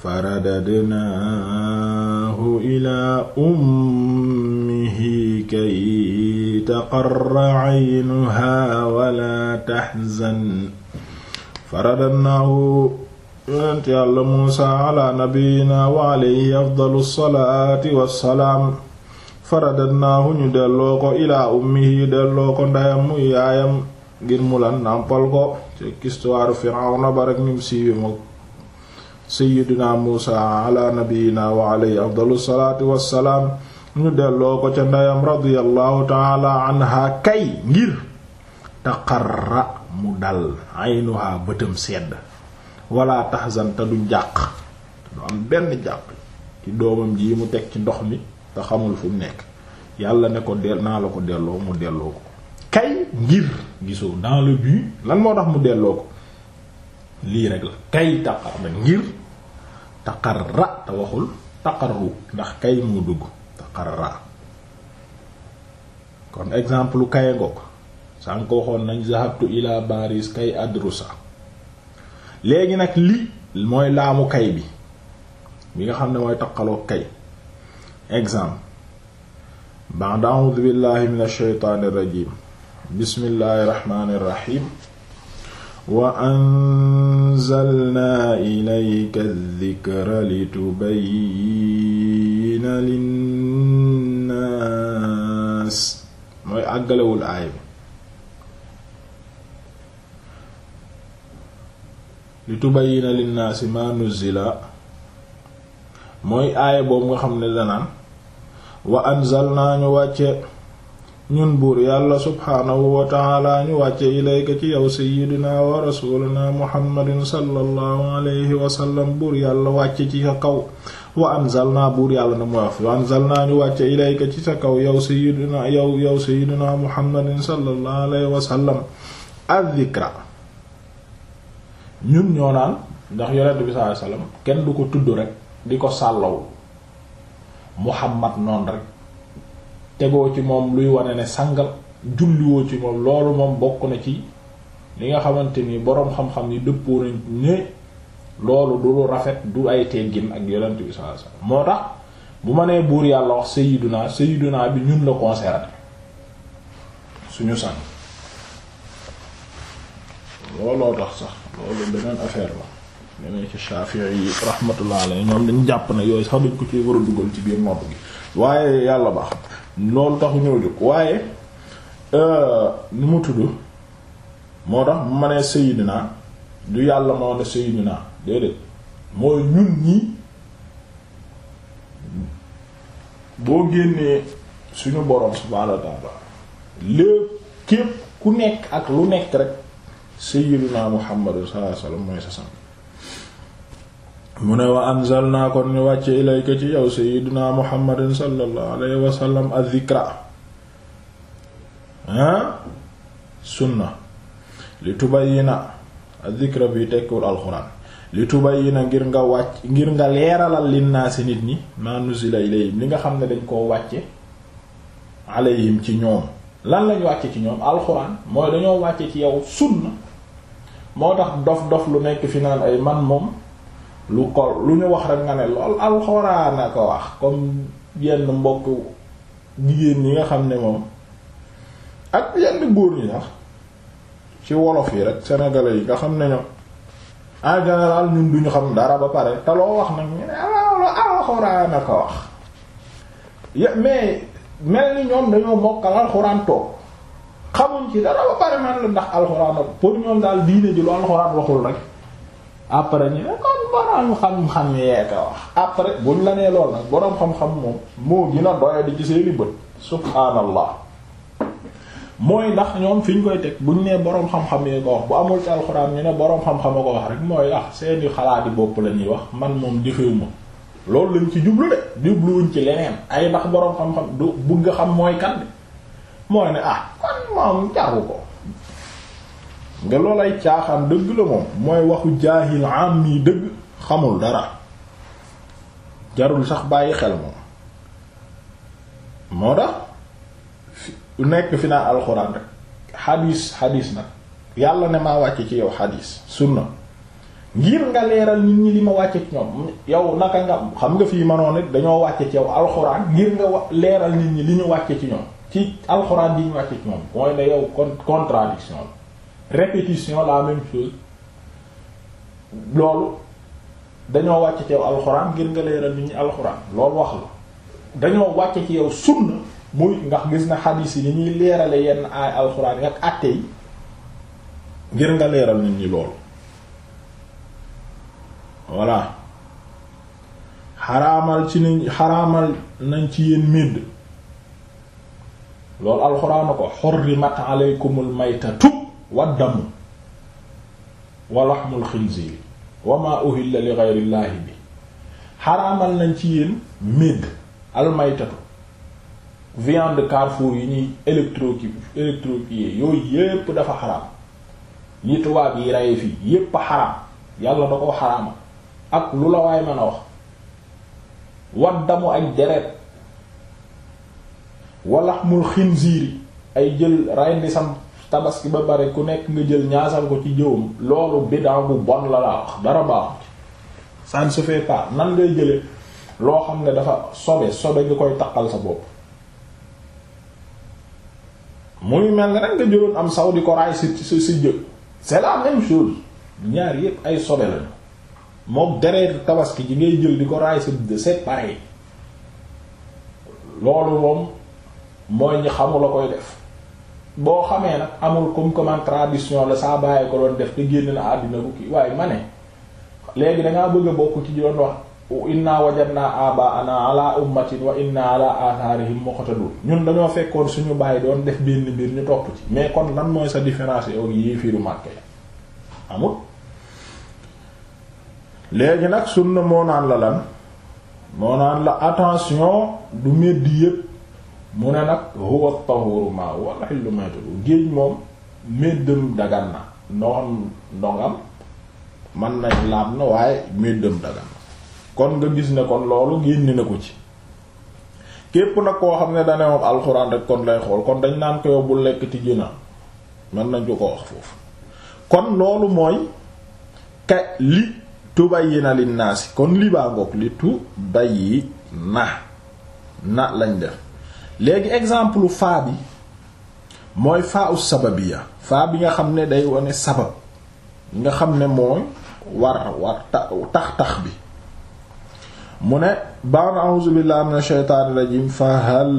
faradadnaahu ilaa ummihi kay taqarra aynuhaa walaa tahzan faradannaahu yonent yàlla muusa ala ñu delloo ko ilaa ummihi delloo ko ndeyam muy yaayam ngir mu lan nàmpal ko ci histoire Firawna ba rek nim siiwi mook sayyidina muusa ala nabiyina wa alayhi afdalu salaati wassalaam ñu delloo ko ca ndeyam radiyallahu taala anha kay ngir taqarra dal aynuha bëtam sedd wala tahzan te du jàq du am benn jàq ci doomam ji mu teg ci ndox mi te xamul fu mu nekk yàlla ne ko del naa la ko delloo mu delloo ko kay ngir gisoo dans le but lan moo tax mu delloo ko lii rek la kay taqar da ngir taqarra te waxul taqarru ndax kay mu dugg taqarra kon exemple kaye ngoog sànq waxoon nañ zahabtu ila baris kay adrusa léegi nag li mooy laamu kay bi bi nga xam ne mooy taqaloo kay exemple ba'da a'udhu billahi minash shaytanir rajim bismillahir rahmanir rahim wa anzalna ilayka dhikra litubayyina linnaas mooy àggalewul aay li tubayyina linnaasi ma nuzila mooy aaya boobu nga xam ne danaan wa anzalnaa ñu wàcce ñun buur yàlla subhaanahu wa taala ñu wàcce ilayka ci yow sayyidina wa rasulina muhammadin sallallahu alayhi wa sallam buur yàlla wàcce ci sa kaw wa anzalnaa buur yàlla na mu wax wa anzalnaa ñu wàcce ilayka ci sa kaw yow sayyidina yow yow sayyidina wa sallam adh-dhikra ñun ñoo naan ndax yonent bi sallallahu alayhi wasallam kenn du ko tudd rek di ko sàllaw Muhammad noonu rek tegoo ci moom luy wane ne sangal julliwoo ci moom loolu moom bokk na ci li nga xamante ni boroom xam-xam ni dëppoo nañ ne loolu du lu rafet du ay teggin ak yonent bi sallallahu alayhi wasallam moo tax bu ma nee buur yàlla wax sayyiduna sayyiduna bi ñun la concerné suñu sang looloo tax sax loolu beneen affaire la ci Shafi'i yi rahmatullah alayhi ñoom dañ jàpp na yooyu sax dañ ko ci war a dugal ci biir nodd gi waaye yàlla baax loolu taxu ñëw jóg waaye euh, nu mu tudd moo tax ma ne Seydina du yàlla moo ne Seydina déedéet mooy ñun ñii boo génnee suñu boroom subhaanahu wa ta'aala lépp képp ku nekk ak lu nekk rek sayyidina muhammadu sallallahu alayhi wasallam mooy sa sang mu ne wa anzalna kon ñu wàcce ilayka ci yow sayyidina muhammadin sallallahu alayhi wasallam az-zikra ah sunna li tubayyina az-zikra bi tekkiwul alxuraan li tubayyina ngir nga wàcc ngir nga leeralal linnaasi nit ñi ma nuzila ilayhim li nga xam ne dañ koo wàcce alayhim ci ñoom lan lañ wàcce ci ñoom alxuraan mooy dañoo wàcce ci yow sunna moo tax dof dof lu nekk fi naan ay man moom lu ko lu ñu wax rek nga ne lool alxuraana ko wax comme yenn mbokk jigéen ñi nga xam ne moom ak yenn góor ñi sax ci wolof yi rek sénégalais yi nga xam ne ñoom en général ñun duñu xam dara ba pare te loo wax nag ñu ne alxuraana ko wax mais mel ni ñoom dañoo mokkal alxuraan toog xamuñ ci dara ba pare man la ndax alxuraan pour ñoom daal diine ji lu alxuraan waxul rek après ñu ne kon borom xam-xam yee ko wax après buñ la lool nag borom xam-xam moom moo gën di ci seeni bët subhaanallah mooy ndax ñoom fi ñu koy teg buñ nee borom xam-xam yee ko wax bu amul ci alxuraan ñu ne boroom xam-xam a ko wax rek mooy ah seeni xalaati bopp la ñuy wax man moom jëfewuma loolu lañ ci jublu de jubluwuñ ci leneen ay ndax boroom xam-xam du bëgg xam mooy kan. mooy ne ah kon moom jaru ko nga loolay caaxaan dëgg la moom mooy waxu jaahil am nii dëgg xamul dara jarul sax bàyyi xel moom moo tax nekk fi naa alxuraan rek xadiis xadiis nag yàlla ne maa wàcce ci yow xadiis sunna ngir nga leeral nit ñi li ma wàcce ci ñoom yow naka nga xam nga fii manoon it dañoo wàcce ci yow alxuraan ngir nga leeral nit ñi li ñu wàcce ci ñoom ci alxuraan bi ñu wàcc moom mooy ne yow kon contradiction la répétition la même chose loolu dañoo wàcc ci yow alxuraan ngir nga leeral nit ñi alxuraan loolu wax la dañoo wàcc ci yow sunna muy ndax gis na xadiis yi ni ñuy leerale yenn ay alxuraan yi ak àtte yi ngir nga leeral nit ñi loolu voilà xaraamal ci ni xaraamal nañ ci yéen medd loolu alxuraan ko xurrimat aleykumul maytatu waddamu wa laxmul xinziiri wa maa uhilla li gayrillaahi bi xaraamal nañ ci yéen médd almaytatu viande Carrefour yi ñuy électrocu électrocuté yooyu yépp dafa xaraam yi tubaab yi rey fii yépp xaraam yàlla da koo xaraama ak lu la waay mën a wax waddamu ak deret walaxmul xinziiri ay jël rendi sam tabaski ba bare ku nekk nga jël ñaasal ko ci jëwam loolu bid'a bu bon la wax dara baaxut ça ne se fait pas nan ngay jële loo xam ne dafa sobe sobe nga koy taqal sa bopp muy mel nga rek nga jëloon am saw di ko raay si si si jë c'est la même chose yépp ay sobe lañu moom dereetu tabaski ji ngay jël di ko raay sa c'est pareil loolu moom mooy ñi xamul la koy def boo xamee nag amul comme comment tradition la saa bàyyi ko doon def te génn na àddina bu kii waaye ma ne léegi dangaa bëgg a bokk ci doon wax inna wajadna abaana ala ummatin wa inna ala atharihim muqtadun ñun dañoo fekkoon suñu bàyyi doon def benn biir ñu topp ci mais kon lan mooy sa différence yow yi fiiru màkke amul léegi nag sunna moo naan la lan moo naan la attention du meddi yépp mu ne nag huwa tahuru ma wala xillu maytatu géej moom méddam dagan na ndoxam man nañ laab na waaye méddam dagan kon nga gis ne kon loolu génn na ko ci képp nag koo xam ne dane moom alxuraan rek kon lay xool kon dañ naan ko yow bu lekk ci jëna mën nañ ko ko wax foofu kon loolu mooy ka li tubayyina linnaasi kon na lañ def léegi exemple faa bi mooy faa u sababiya faa bi nga xam ne day wane sabab nga xam ne mooy war war tax tax bi mu ne baan a'uuzu billahi min ashaytaani rajim fa hal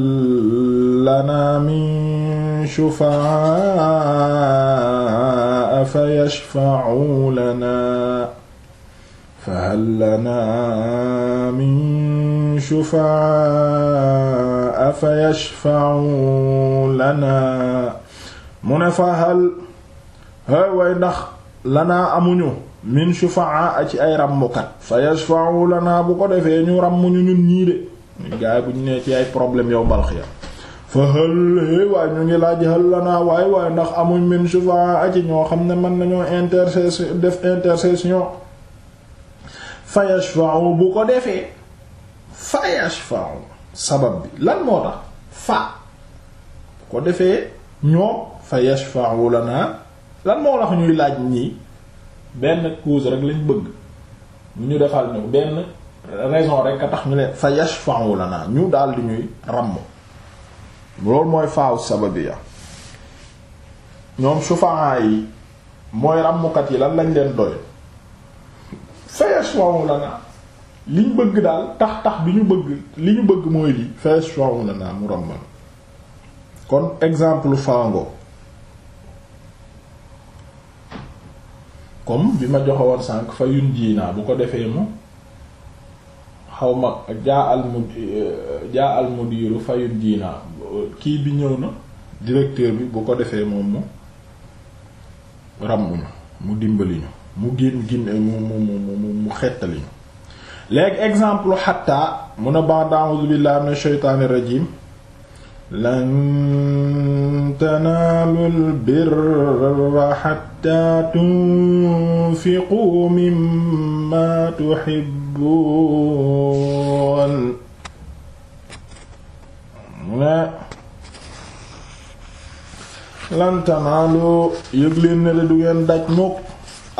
lana min shufaa fa yashfa'u lana fahal lanaa min shufa'aa fa yashfa'u lanaa mu ne fahal hay way ndax lanaa amuñu min shufa'aa ci ay ràmmkat fa yashfa'u lanaa bu ko defee ñu ràmmuñu ñun ñii de ñu gaay bu ñu nee ci ay problème yow mbal xiyam fahal hay waay ñu ngi laaj hal lanaa waay waay ndax amuñ min a ci ñoo xam ne mën nañoo intercession def intercession fa yashfa'u bu ko defee fa yashfa'u sabab bi lan moo tax fa bu ko defee ñoo ñoom fa yashfa'u naa lan moo tax ñuy laaj ñii benn cause rek lañ bëgg ñu defal ñu benn raison rek a tax ñu leen fa yashfa'u lana ñu daal di ñuy ràmm loolu mooy faaw sababiya ñoom shufa'a yi mooy ràmmkat yi lan lañ leen doy fayashfa'u lana liñ bëgg daal tax tax bi ñu bëgg li ñu bëgg mooy lii fayashfa'u lana muramman kon exemple fango comme bi ma joxe woon sànq fa yun jiinaa bu ko defee mu xaw ma jaa al mud eh, jaa al mudiru fa yun jiinaa kii bi ñëw na directeur bi bu ko defee moom mu ràmmuñu mu dimbali mu génn ginne mu mu mu mu xettali ñu exemple xatta mun a ba'd a'uuzu billahi minash shaytaanir rajiim lan tanaalul birra xatta tunfiqu mimma tuhibbuun lan tanaalu yëg leen ne du ngeen mukk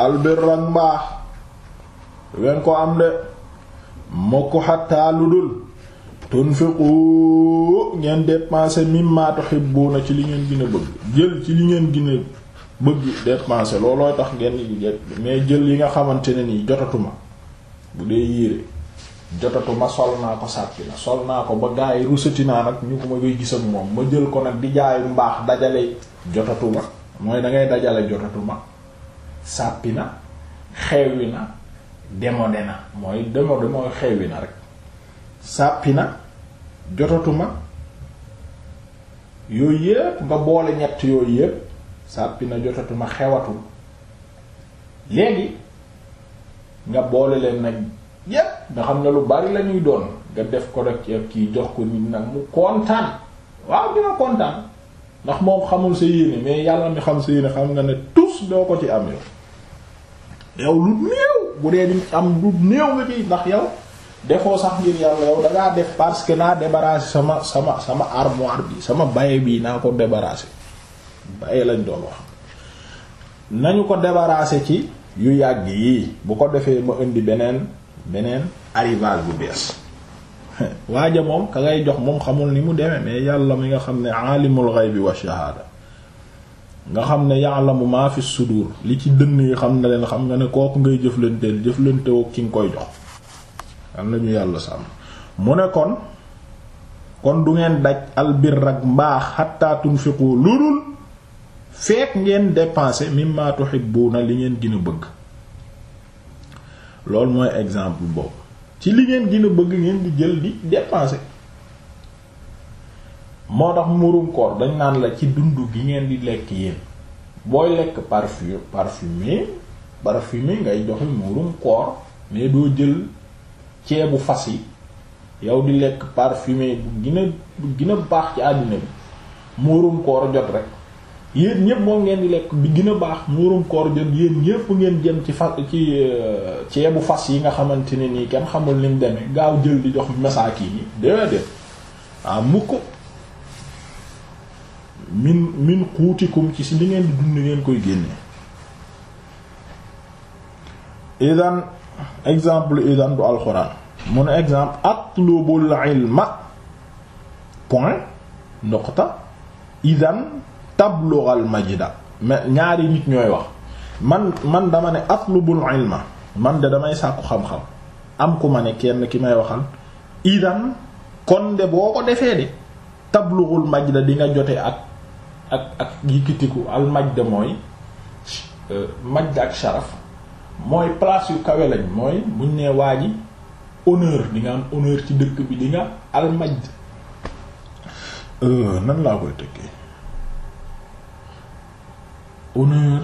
albirra ak mbaax du ngeen ko am de mokk xattaa lu dul tunfiqu ngeen dépenser mimma tuhibbuna ci li ngeen gën bëgg jël ci li ngeen gën a bëgg dépenser looloo tax ngeen mais jël yi nga xamante ne nii jotatuma bu dee yére jotatuma sol naa ko sàppi la sol naa ko ba gaa yi rusati naa nag ñu ko ma koy gis moom ma jël ko nag di jaay mbaax dajale jotatuma mooy da ngay dajale jotatuma sàppi na xewwi na demode na mooy demode mooy xewwi na rek sàppi na jotatuma yooyu yépp nga boole ñett yooyu yépp sàppi na jotatuma xewatul léegi nga boole leen nag yépp nga xam ne lu bari la ñuy doon nga def ko rek ci ak kii jox ko nit nag mu kontaan waaw dina kontaan ndax moom xamul sa yéene mais yàlla mi xam sa yéene xam nga ne tous doo ko ci am yow yow lu néew bu dee di am lu néew nga ci ndax yow defoo sax ngir yàlla yow da def parce que naa débarrasser sama sama sama armoire bi sama baye bi naa ko débarrasser baye lañ doon wax nañu ko débarrasser ci yu yàgg yi bu ko defee ma indi beneen beneen arrivage bu bees waaja moom ka ngay jox moom xamul ni mu demee mais yàlla mi nga xam ne aalimul ghaybi wa shahada nga xam ne ya'lamu ma fi sudur li ci dënn yi xam na leen xam nga ne kooku ngay jëflanteel jëflantewoo ki nga koy jox am nañu yàlla sàmm mu ne kon kon du ngeen daj albir ak mbaax hatta tunfiqu lu dul feek ngeen dépenser mimma tuhibbuna li ngeen gën a bëgg loolu mooy exemple boobu ci li ngeen gën a bëgg ngeen di jël di dépenser moo tax muurum koor dañ naan la ci dund gi ngeen di lekk yéen booy lekk parfum parfumé parfumé ngay joxe murum koor mais doo jël ceebu fas yi yow di lekk parfumé bu gën a bu gën baax ci àddina bi murum koor jot rek yéen ñépp moom ngeen di lekk bi gën a baax muurum koor jot yéen ñépp ngeen jëm ci fas ci euh, ceebu fas yi nga xamante ne nii kenn xamul ni mu demee gaaw jël di jox masaakiin yi déedéet ah mukk min min xuutikum ci si li ngeen di dund ngeen koy génne idan exemple idan du alxuraan mu ne exemple atlubul ilma point ndoxta idan tablughal majda mais ñaari nit ñooy wax man man dama ne atlubul ilma man de damay sàkku xam-xam am ku ma ne kenn ki may waxal idan kon de boo ko defee de tablughul majda di nga jote ak ak ak yëkkatiku al majd mooy euh, majd ak sharaf mooy place yu kawe lañ mooy buñ ne waa ji honneur di nga am honneur ci dëkk bi di nga al majd euh, nan laa koy tëkkee honneur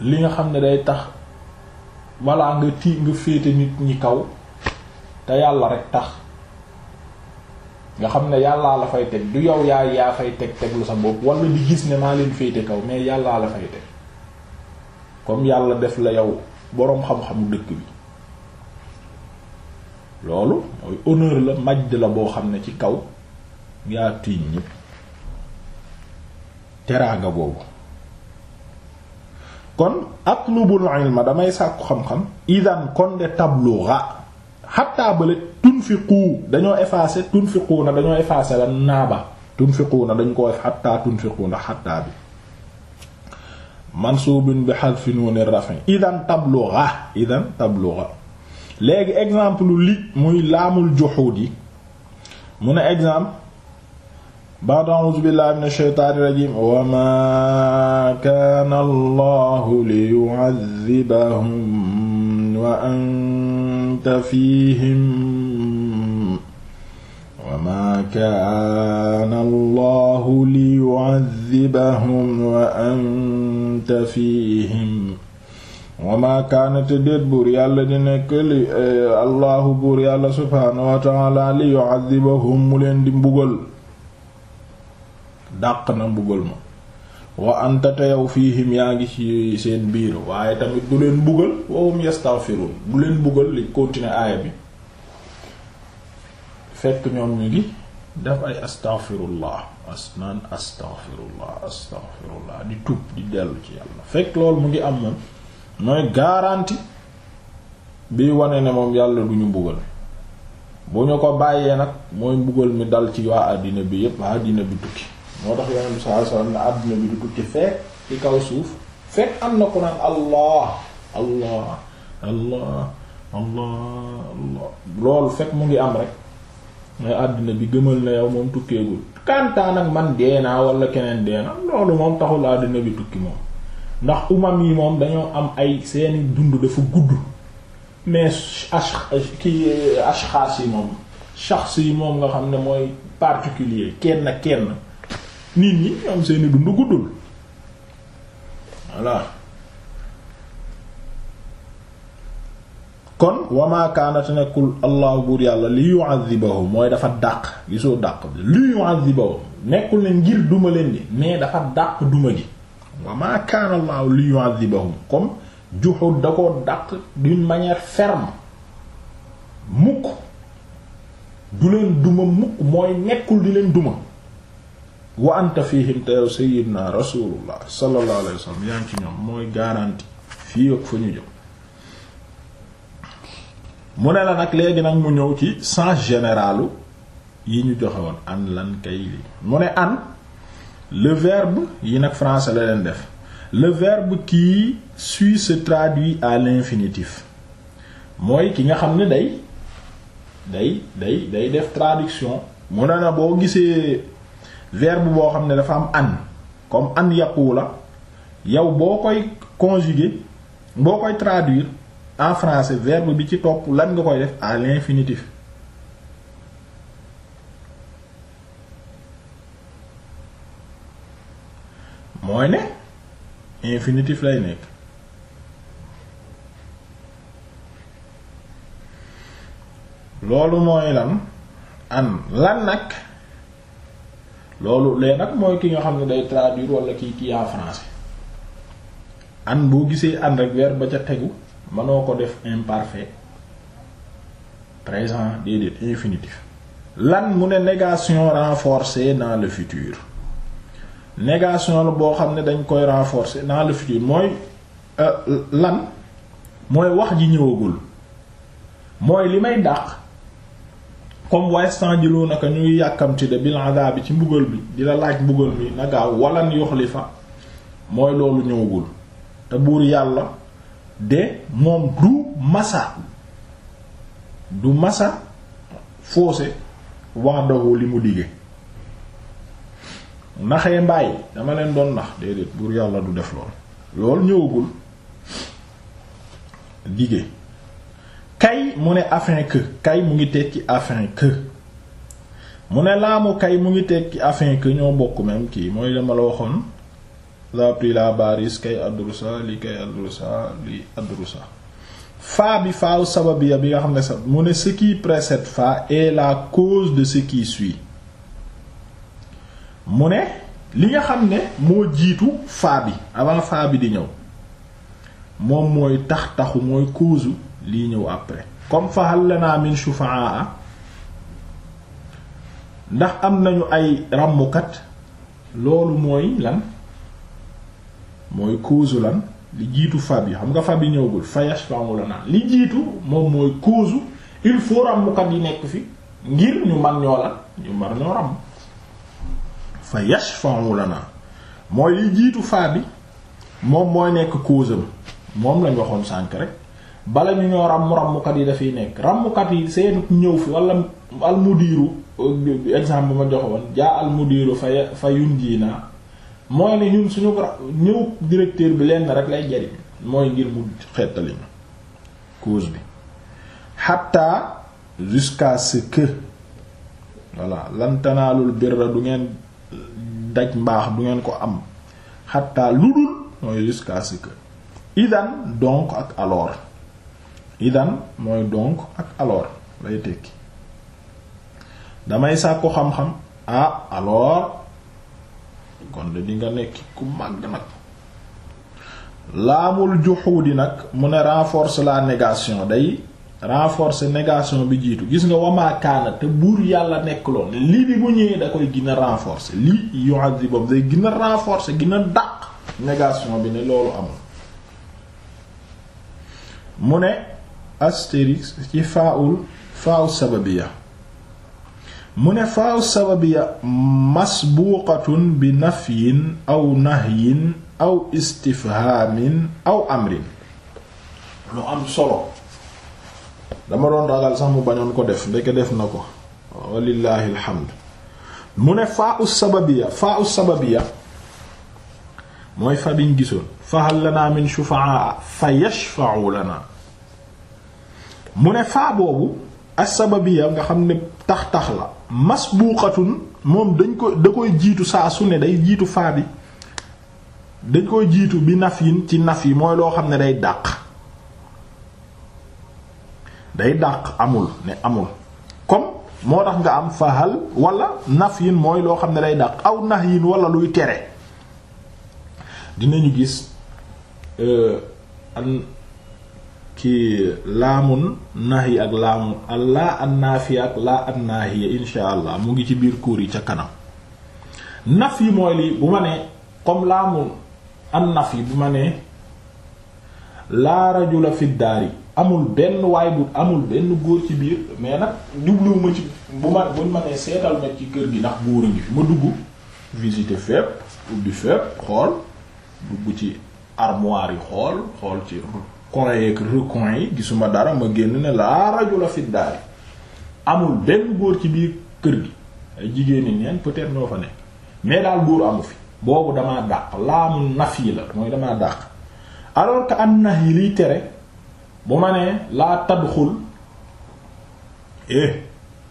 li nga xam ne day tax walla nga ti nga féete nit ñi kaw te yàlla rek tax nga xam ne yàllaa la fay teg du yow yaay yaa fay teg teglu sa bopp wala di gis ne maa leen féete kaw mais yàllaa la fay yàlla def la yow boroom xam-xamu dëkk bi loolu mooy honneur la majd la boo xam ne ci kaw yaa tiiñ ñépp teraanga boobu kon atlubul ilma damay sàkku xam-xam idan kon de tabluga xattaa bale tunfiqu dañoo effacé tunfiqu na dañoo effacé la naaba tunfiqu na dañ ko def xattaa tunfiqu na xattaa bi mansubun bi hadfi nuuni rafi idan tablugha idan tablugha léegi exemple li muy laamul juhuud yi mu ne exemple ba'd a'uuzu billahi minash shaytaani rajiim wa maa kaana allahu liyu'adhibahum wa an kunta fiihim wa maa kaana allahu liyu'adhibahum wa anta fiihim wa maa kaana te déet buur yàlla di nekk li allahu buur yàlla subhaanahu wa ta'aala liyu'adhibahum mu leen di mbugal dàq na mbugal ma wa anta te yow fiihim yaa ngi ci seen biir waaye tamit du leen buggal wahum yastaghfirun du leen buggal li continuer aaya bi fekk ñoom ñu ngi def ay astaghfirullah as naan di tuub di dellu ci yàlla fekk loolu mu ngi am moom mooy garantie bi wane ne moom yàlla duñu ñu buggal bu ñu ko bàyyee nag mooy buggal mi dal ci waa àddina bi yépp àddina bi tukki moo tax yonent bi sallallahu alayhi wasallam ne bi du tukki fekk ci kaw suuf fekk am na ku naan allah allah allah allah allah loolu fekk mu ngi am rek mooy àdduna bi gëmal na yow moom tukkeegul kantaan ak man dee naa wala keneen dee na loolu moom taxul àdduna bi tukki moom ndax umam yi moom dañoo am ay seeni dund dafa gudd mais ash ki eh, ashxaas yi moom shaxs yi moom nga xam ne mooy particulier kenn kenn nit ñi ñoom seeni dund guddul voilà kon wamaakaanat nekkul allahu buur yàlla li yu'adhibahum mooy dafa dàq gisoo dàq bi li yu'adhibahum nekkul ne ngir duma leen di mais dafa dàq duma gi wamaakaana allahu li yu'adhibahum comme juxut da ko dàq d'une manière ferme mukk du leen duma mukk mooy nekkul di leen duma wa anta fihim te yow sayyidina rasulullah sallallahu alayhi wa sallam yaa ngi ci ñoom mooy garantie fii ak fa ñu jox mu ne la nag léegi nag mu ñëw ci sens généralu yi ñu joxe woon an lan kay lii mu ne an le verbe yi nag français la leen def le verbe qui suit traduit à l'infinitif mooy ki nga xam ni day day day day def traduction mu ne na boo gisee verbe boo xam ne dafa am an comme an yaqula yow boo koy conjuguer boo koy traduire en français verbe bi ci topp lan nga koy def à l'infinitif mooy ne infinitif lay nekk loolu mooy lan an lan nag loolu lee nag mooy ki nga xam ne day traduire wala kii kii en français an boo gisee an rek verbe ba ca tegu mënoo ko def imparfait présent déedéet infinitif lan mu ne négation renforcée naa le futur négation la boo xam ne dañ koy renforcer dans le futur mooy euh, lan mooy wax ji ñëwagul mooy li may dàq comme wayestanjilunaka ñuy yàkkamti de bil adabi ci mbugal bi di la laaj mbugal mi na gaaw walan yuxlifa mooy loolu ñëwagul te buur yàlla de moom du masa du masa foose wax doxu li mu dige naxee mbaay dama leen doon nax déedéet buur yàlla du def lool loolu ñëwagul dige kay mu ne afin que kay mu ngi tekki afin que mu ne laamu kay mu ngi tekki afin que ñoo bokk même kii mooy dama waxoon la pris la baris kay adrusa li kay adrusa li adrusa fa bi faaw sababiya bi nga xam ne sa mu ne ce qui précède fa est la cause de ce suit mu ne li nga xam ne moo jiitu fa bi avant fa bi di ñëw moom mooy tax taxu mooy cause lii ñëw après comme fa hal lana min shufaa ndax am nañu ay ràmbukat loolu mooy lan mooy cause lan li jiitu fab yi xam nga fab yi ñëwgul fa yashfa'u lana li jiitu moom mooy cause il faut ràmmukat yi nekk fi ngir ñu man ñoo lan ñu man ñoo ràmm fa yashfa'u lana mooy li jiitu faa moom mooy nekk cause am moom lañ waxoon sànk rek bala ñu ñoo ràmm ràmmkat yi dafay nekk ràmmkat yi seenu ñëw fi wala almudiiru euh, exemple ma joxe woon jaa almudiiru fa fa jii naa mooy ne ñun suñu ñëw directeur bi lenn rek lay jariñ mooy ngir mu xettali ñu cause bi xatta jusqu'à ce que voilà lan tanaalul du ngeen daj mbaax du ngeen ko am xatta lu dul mooy jusqu'à ce que idan donc ak alors idan mooy donc ak alors lay tekki damay sàkku xam-xam ah alors kon de di nga nekk ku màgg nag laamul juxuudi nag mu ne renforce la négation day renforcer négation bi jiitu gis nga wamaakaana te buur yàlla nekk loon lii bi bu ñëwee da koy gën a renforcer lii yu'adhibu day gën a renforcer gën a dàq négation bi ne loolu amul mu ne astérix ci faaul faaul sababiya mu ne faaul sababiya masbuqatun bi nafyin aw nahyin aw istifhaamin aw amrin lu am solo dama doon ragal sax mu bañoon ko def ndeke def na ko walillahi alhamd mu ne faaul sababiya faaul sababiya mooy fa biñ gisoon fa hal lana min shufaa fa yashfa'u lana mu ne faa boobu assababiya nga xam ne tax tax la masbuqatun moom dañ ko da koy jiitu saa su ne day jiitu faa bi dañ koy jiitu bi naf yin ci naf yi mooy loo xam ne day dàq day dàq amul ne amul comme moo tax nga am fahal walla naf yin mooy loo xam ne day dàq aw nax yin walla luy tere dinañu gis euh, kii laamun nahi ak laamu laa annaafi ak laa annaahiya insha allah mu ngi ci biir kuur yi ca kanam naf yi mooy lii bu ma nee comme laamun am naf yi bu ma nee laa rajula fi daari amul benn waay bu amul benn góor ci biir mais nag jubluwuma ci bu ma buñ ma nee seetal ma ci kër gi ndax góor a ngi fi ma dugg visiter fépp ubbi fépp xool dugg ci armoire yi xool xool ci coin yeeg recoin yi gisuma dara ma génn ne laa rajula fi daari amul benn góor ci biir kër gi ay jigéen ñi neen peut-être fa ne mais daal góor amu fi boobu damaa dàq laamu naf yi la mooy damaa dàq alors que an nax yi liy tere bu ma nee laa tadxul eh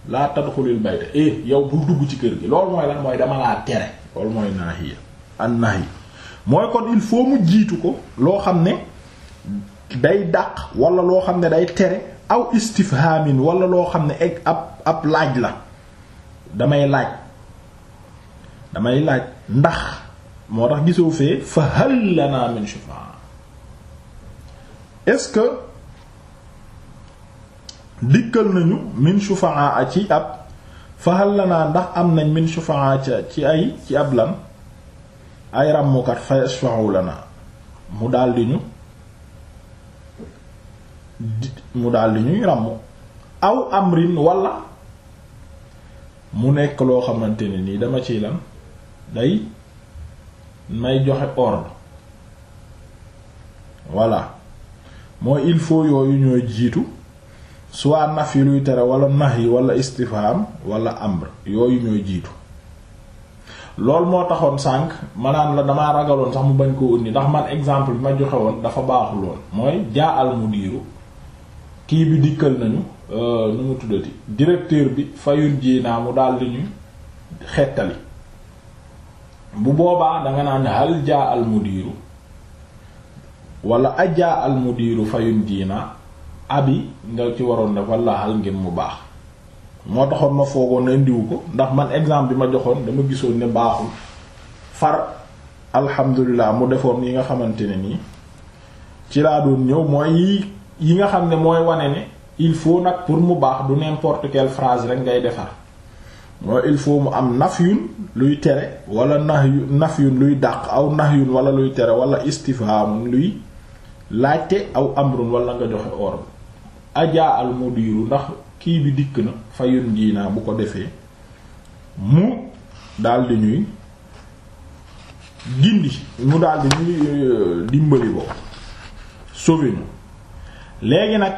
laa tadxulil bayta eh yow bu dugg ci kër gi loolu mooy lan mooy dama laa tere loolu mooy naax yi an nax yi mooy kon il faut mu jiitu ko loo xam ne day dàq walla loo xam ne day tere aw istifhamin wala loo xam ne egg ab ab laaj la damay laaj damay laaj ndax moo tax gisoo fee fa hal lana min shufa'a est-ce que dikkal nañu min shufa'a ci ab fa hal lana ndax am nañ min shufa'a ci ay ci ab lan ay ràmmukat fa yashfa'u lana mu daldi ñu mu daal di ñuy ràmm aw amrin walla mu nekk loo xamante ne nii dama ciy lan day may joxe ordre voilà mooy il faut yooyu ñooy jiitu soit naf yi luy tere wala nax yi wala istifham wala amr yooyu ñooy jiitu loolu moo taxoon sànq manaan la damaa ragaloon sax mu bañ ko wut ndax man exemple bi ma joxe dafa baaxul woon mooy jaa al mudiru kii bi dikkal nañu euh, nu mu tuddati directeur bi fayun ji mu daal di ñu xettali bu boobaa danga naan hal jaa al mudiru wala ajaa al mudiru fayun ji naa abi nga ci waroon def wala hal ngeen mu baax moo taxoon ma foogoon na indiwu ko ndax man exemple bi ma joxoon dama gisoon ne baaxul far alhamdulilah mu defoon yi nga xamante ne nii ci laa doon ñëw mooy yi nga xam ne mooy wane ne il faut nag pour mu baax du n'importe quelle phrase rek ngay defar mooy il faut mu am nafyun luy tere walla nahyu nafyun luy dàq aw nahyun wala luy tere wala istifhamun luy laajte aw amrun wala nga joxe ordre ajaa al mudiru ndax kii bi dikk na fayun jiinaa bu ko defee mu daldi ñuy gindi mu daldi ñuy euh, dimbali boobu sauver léegi nag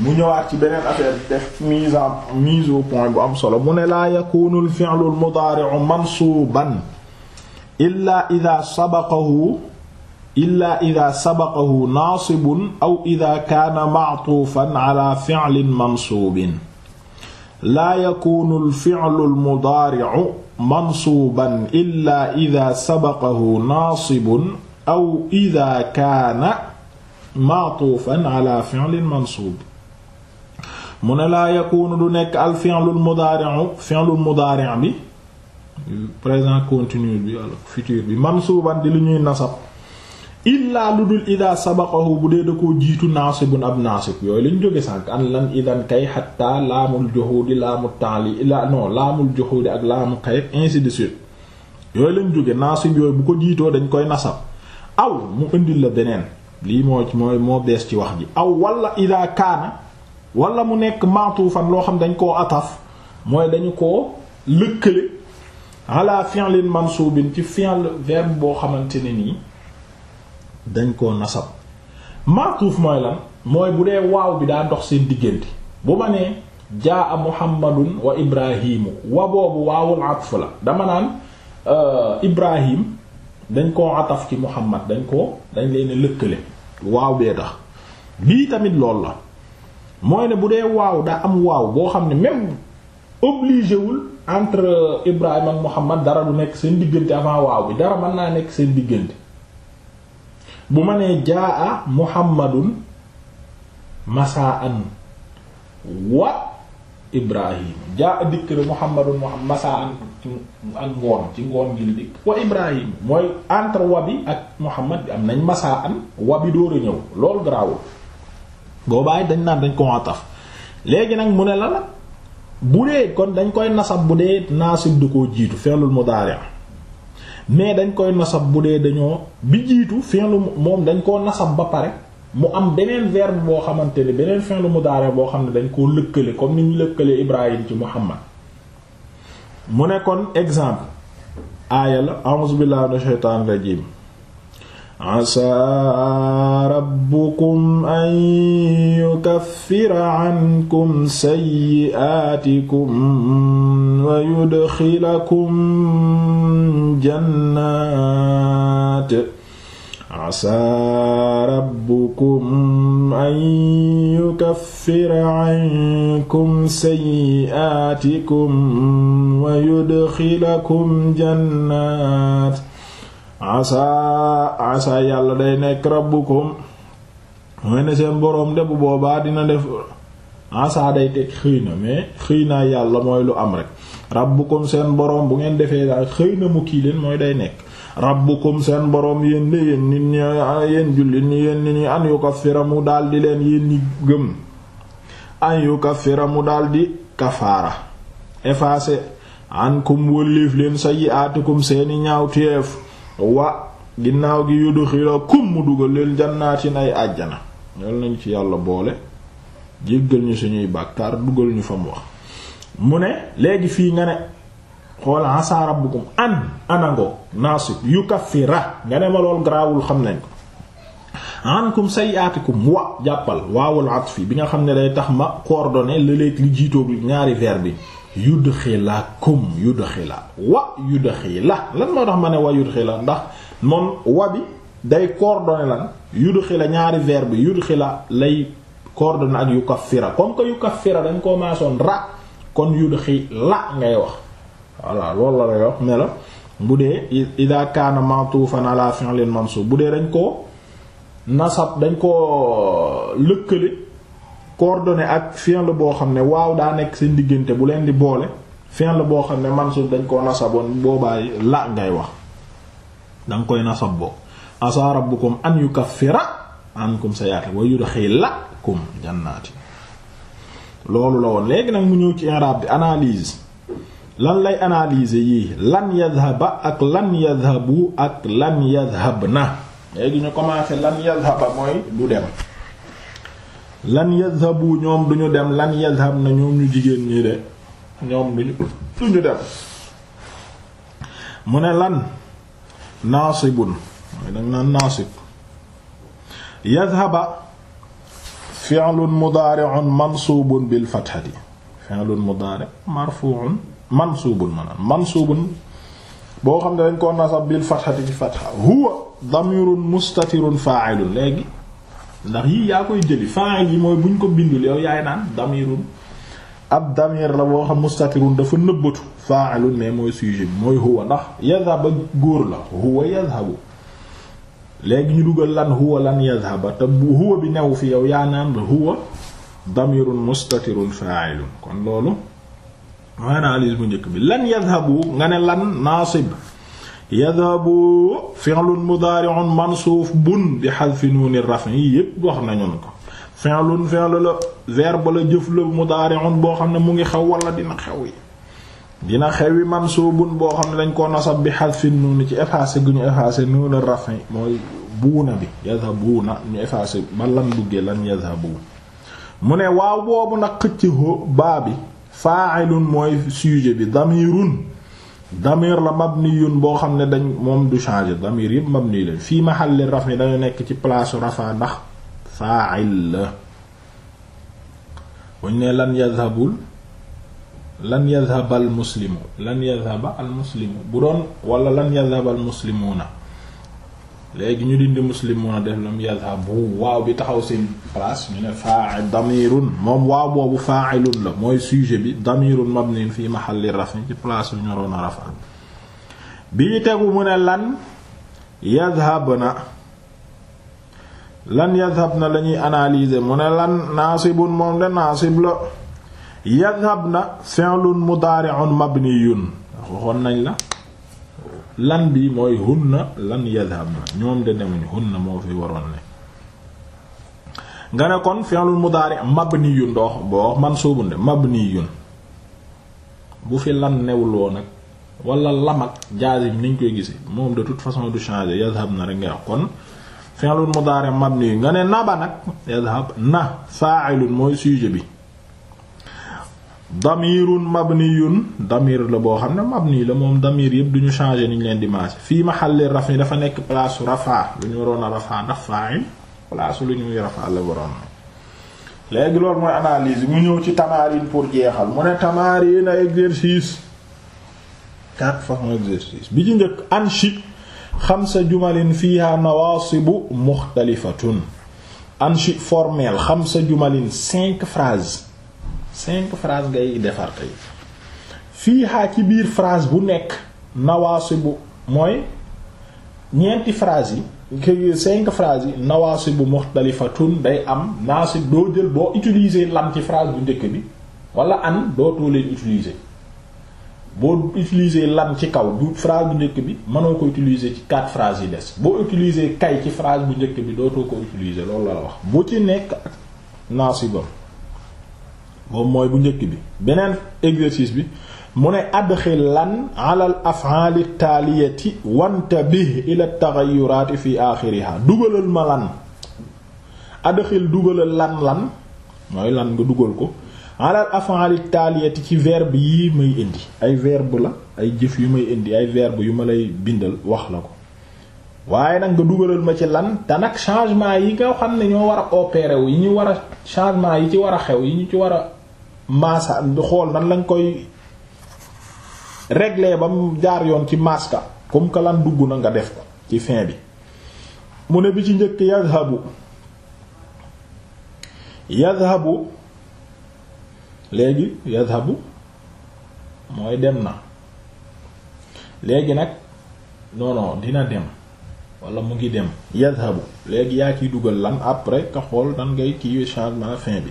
mu ñëwaat ci beneen affaire def mise en mise au point bu am solo mu ne laa yakunu al fi'lu al mudari'u mansuban illa idha sabaqahu illa idha sabaqahu naasibun aw idha kaana ma'tuufan ala fi'lin mansuubin laa yakunu al fi'lu al mudari'u mansuuban illa idha sabaqahu naasibun aw idha kaana ma'tuufan ala fi'lin mansuub mu ne laa yakunu du nekk al fi'lul mudaari'u fi'lul mudaari' bi présent continu bi walla futur bi mansuuban di lu ñuy nasab illaa lu dul ida sabaqahu bu dee da koo jiitu naasibun ab naasib yooyu lañ jóge sànk an lan idan kay xatta laamul juhuudi laamu taali la non laamul juhuudi ak laamu kay ainsi de suite yooyu lañ jóge naasib yooyu bu ko jiitoo dañ koy nasab aw mu indil la beneen lii moo mooy moo bees ci wax ji aw walla ida kaana walla mu nekk maatufan loo xam dañ koo ataf mooy dañu koo lëkkale ala fi'lin mansubin ci fi'l verbe boo xamante ne nii dañ koo nasab maatuf mooy lan mooy bu dee waaw bi daa dox seen diggante bu ma nee jaa muhammadun wa ibrahimu wa boobu waawul atf la dama naan euh, ibrahim dañ koo ataf ci muhammad dañ ko dañ leen lëkkale waaw bee tax bii tamit lool la mooy ne bu dee waaw daa am waaw boo xam ne même obligé wul entre Ibrahima ak Muhammad dara du nekk seen diggante avant waaw bi dara mën naa nekk seen diggante bu ma nee jaa a Muhammadun masaan wa ibrahim jaa dikk na muhammadun muhammad masaan ak ngoon ci ngoon gi la dikk ibrahim mooy entre wabi ak muhammad bi am nañ masaan wabi door a ñëw loolu garaawul boobaay dañ naan dañ ko ataf léegi nag mu ne la la bu dee kon dañ koy nasab bu dee naasib du koo jiitu fi'lul mudaari' mais dañ koy nasab bu dee dañoo bi jiitu fi'lu moom dañ koo nasab ba pare mu am beneen verbe boo xamante ni beneen fin lu mudaare boo xam ne dañ koo lëkkale comme ni ñu lëkkale Ibrahim ci Muhammad mu ne kon exemple aaya la a'uuzu billahi minash shaytaanir rajiim asaa rabbukum an yukaffira ankum sayyi'aatikum wa jannaat asaa rabbukum an yukaffira ankum sayyi'aatikum wa yudxilakum jannaat asaa asaa yàlla day nekk rabbukum mooy ne seen boroom de boobaa dina def asaa day teg xëy na mais xëy naa yàlla mooy lu am rek rabbukum seen boroom bu ngeen defee daal xëy na mu kii leen mooy day nekk rabbukum seen boroom yéen de yéen nit ñi yéen jullit daldi leen yéen ñi gëm an yukaffira mu daldi kafaara effacer ankum wëlliif leen sayyi'aatikum seeni ñaawteef wa ginnaaw gi yudxilakum mu dugal leen jannaatin ay àjjana yal nañ ci yàlla boole jéggal ñu suñuy bàkkaar dugal ñu fa wax mu ne léegi fii nga ne xool asa ah, rabbukum an anango naasib yukaffira nga ne ma lool garaawul xam nañ ko ankum sayyaatikum wa jàppal waawul atfi bi nga xam ne day tax ma coordonné lëléeg li jiitoog ñaari verbe bi yudxilakum yudxila wa yudxila lan moo tax ma ne wa yudxila ndax moom wa bi day coordonné lan yudxila ñaari verbe bi yudxila lay coordonné ak yukaffira comme que yukaffira dañ ko maasoon ra kon yudxila ngay wax voilà loolu la lay wax ne bu dee ida kaana ma'tufan ala fi'lin mansub bu dee dañ ko nasab dañ ko lëkkale coordonné ak fi'l boo xam ne waaw daa nekk seen diggante bu leen di boole fi'l boo xam ne mansub dañ koo nasaboon boobaay la ngay wax da nga koy nasab boo asa rabbukum an yukaffira ankum sayyi'atikum wa yudkhilakum jannaati loolu la woon léegi nag mu ñëw ci i'rab bi analyse lan lay analyser yii lan yadhaba ak lan yadhabu ak lan yadhabna léegi ñu commencé lan yadhaba mooy du dem lan yadhabu ñoom duñu dem lan yadhabna ñoom ñu jigéen ñi de ñoom duñu duñu dem mu ne lan naasibun mooy dag naan naasib yadhaba fi'lun mudari'un mansubun bil fathati fi'lun mudari' marfu'un mansuubun ma naan mansuubun boo xam ne dañ ko nasab bil fatxati ci fatxa huwa damirun mustatirun fa'ilun léegi ndax yii yaa koy jëli fa'il yi mooy buñ ko bindul yow yaay naan damirun ab damir la boo xam mustatirun dafa nëbbatu fa'ilun ne mooy sujet mooy huwa ndax yadhaba góor la huwa yadhabu léegi ñu dugal lan huwa lan yadhaba te huwa bi new fi yow yaa naan huwa damirun mustatirun fa'ilun kon loolu mooy analyse bu njëkk bi lan yadhabu nga ne lan naasib yadhabu fi'lun mudari'un mansuuf bun bi hadfi nuuni raf'i yi yépp wax nañu ko fi'lun fi'lu la verbe la jëf la mudari'un boo xam ne mu ngi xew wala dina xew yi dina xewi mansuubun boo xam ne dañ koo nasab bi hadfi nuuni ci effacé gu ñu effacé nuuni raf'i mooy buuna bi yadhabuuna ñu effacé ba lan duggee lan yadhabu mu ne waaw boobu nag xëcc baa bi fa'ilun mooy sujet bi damirun damir la mabniyun boo xam ne dañ moom du changer damir yëpp mabni la fii raf raf'i dañu nekk ci place rafa ndax fa'il la buñ ne lan yadhabul lan yadhaba al muslimu lan yadhaba al muslimu bu doon wala lan yadhaba al muslimuna léegi ñu dindi muslim moo def lam yadhabu waaw bi taxaw seen place ñu ne fa'il damirun moom waaw boobu fa'ilun la mooy sujet bi damirun mabnin fi mahalli raf'in ci place bi ñoroon a rafa bi ñu tegu mu ne lan yadhabna lan yadhabna la ñuy analyser mu ne lan naasibun moom de naasib la yadhabna fi'lun mudari'un mabniyun waxoon nañ la lan bi mooy na lan yadhab na ñoom de demuñu hunna moo fi waroon ne nga ne kon fi'lul mudaari mabniyun doox boo mansuubun de mabniyun bu fi lan newul woon ak wala lam ak jaazim niñ koy gisee moom de toute façon du changer yadhab na rek nga wax kon fi'lul mudaari mabniyun nga ne naba nag yadhab na fa'ilun mooy sujet bi damirun mabniyun damir la boo xam ne mabni la moom damir yëpp ñu changer niñ leen di maase xale mahalli raf'i dafa nekk place rafa lu ñu waroon a rafa ndax fa'il place lu ñuy rafa la waroon léegi loolu mooy analyse mu ñëw ci tamarin pour jeexal mu ne tamarin ay exercice quatre façons exercice bi ci njëkk anshi xamsa jumalin fiha nawaasibu muxtalifatun anshi formel xamsa jumalin cinq phrases cinq phrase ngay defar tey fii xaa ci biir frase bu nekk nawaasibu mooy ñeenti phrase yi cinq phrase yi nawaasibu muxtalifatun day am naasib doo jël boo utiliser lam ci phrase bu njëkk bi wala an dootoo leen utiliser boo utiliser lan ci kaw du phrase bu njëkk bi mënoo ko utiliser ci quatre phrases yi des boo utiliser kay ci phrase bu njëkk bi dootoo ko utiliser loolu la wax bu ci nekk ak naasibam boobu mooy bu njëkk bi beneen exercice bi mu ne adxil lan ala al af'al at taaliyati wantabih ila at taghayyurat fi akhiriha dugalal ma lan adxil dugalal lan lan mooy lan nga dugal ko ala al af'al at taaliyati ci verbe yi may indi ay verbe la ay jëf yu may indi ay verb yu ma lay bindal wax la ko waaye nag nga dugalal ma ci lan te nag changement yi nga xam ne ñoo war a yi ñu war a changement yi ci war a xew yi ñu ci war maasa xool nan lañ koy régler ba mu jaar yoon ci maska comme que lan dugg na nga def ko ci fin bi mu ne bi ci njëkk yadhabu yadhabu léegi yadhabu mooy dem na léegi nag non non dina dem wala mu ngi dem yadhabu léegi yaa ciy dugal lan après ka xool nan ngay kii changement fin bi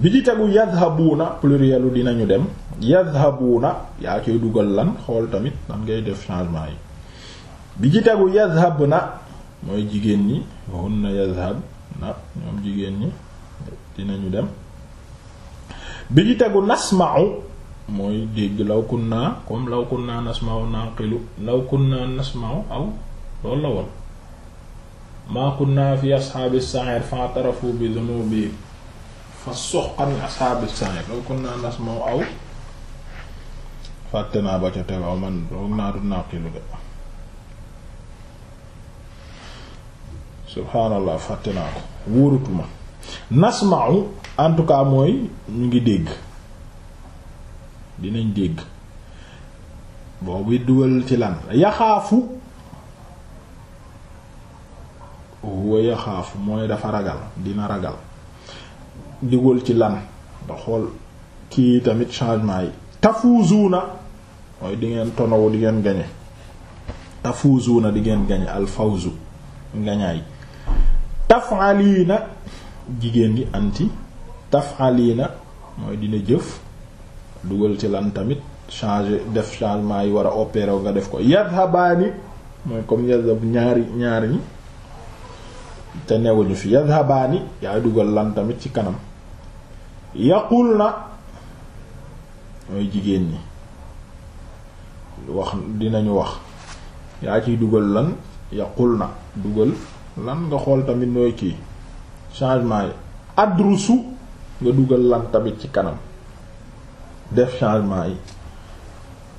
bi ci tegu yadhabuuna pluriel u dinañu dem yadhabuuna yaa koy dugal lan xool tamit nan ngay def changement yi bi ci tegu na mooy jigéen ñi hunna yadhabna ñoom jigéen ñi dinañu dem bi ci tegu nasma'u mooy dégg law kunna comme law kunna nasma'u naqilu law kunna nasma'u aw loolu la woon ma kunna fi ashabi as-sa'ir fa'tarafu bi dhunubihim fa soxan asaabi sa'ir loolu kon naa nas moom aw fàtte naa ba ca tegaw man roog naa du nàqilu de subhaanallah fàtte naa ko wóoratuma nasma'u en tout cas mooy ñu ngi dégg dinañ dégg boobu dugal ci lan yaxaafu huwa yaxaafu mooy dafa ragal dina ragal digal ci lan nga xool kii tamit changement yi na mooy di ngeen tonowu di ngeen gañe na di ngeen gañe alfawzu ngañaay taf'alina jigéen gi anti taf'alina mooy dina jëf dugal ci lan tamit changer def changement yi war a opérer nga def ko yadhabaani mooy comme yadhab ñaari ñaari ñi te newuñu fi yadhabaani yaay dugal lan tamit ci kanam yaqul na mooy jigéen ñi wax dinañu wax yaa ciy dugal lan yaqul na dugal lan nga xool tamit nooy kii changement yi adrusu nga dugal lan tamit ci kanam def changement yi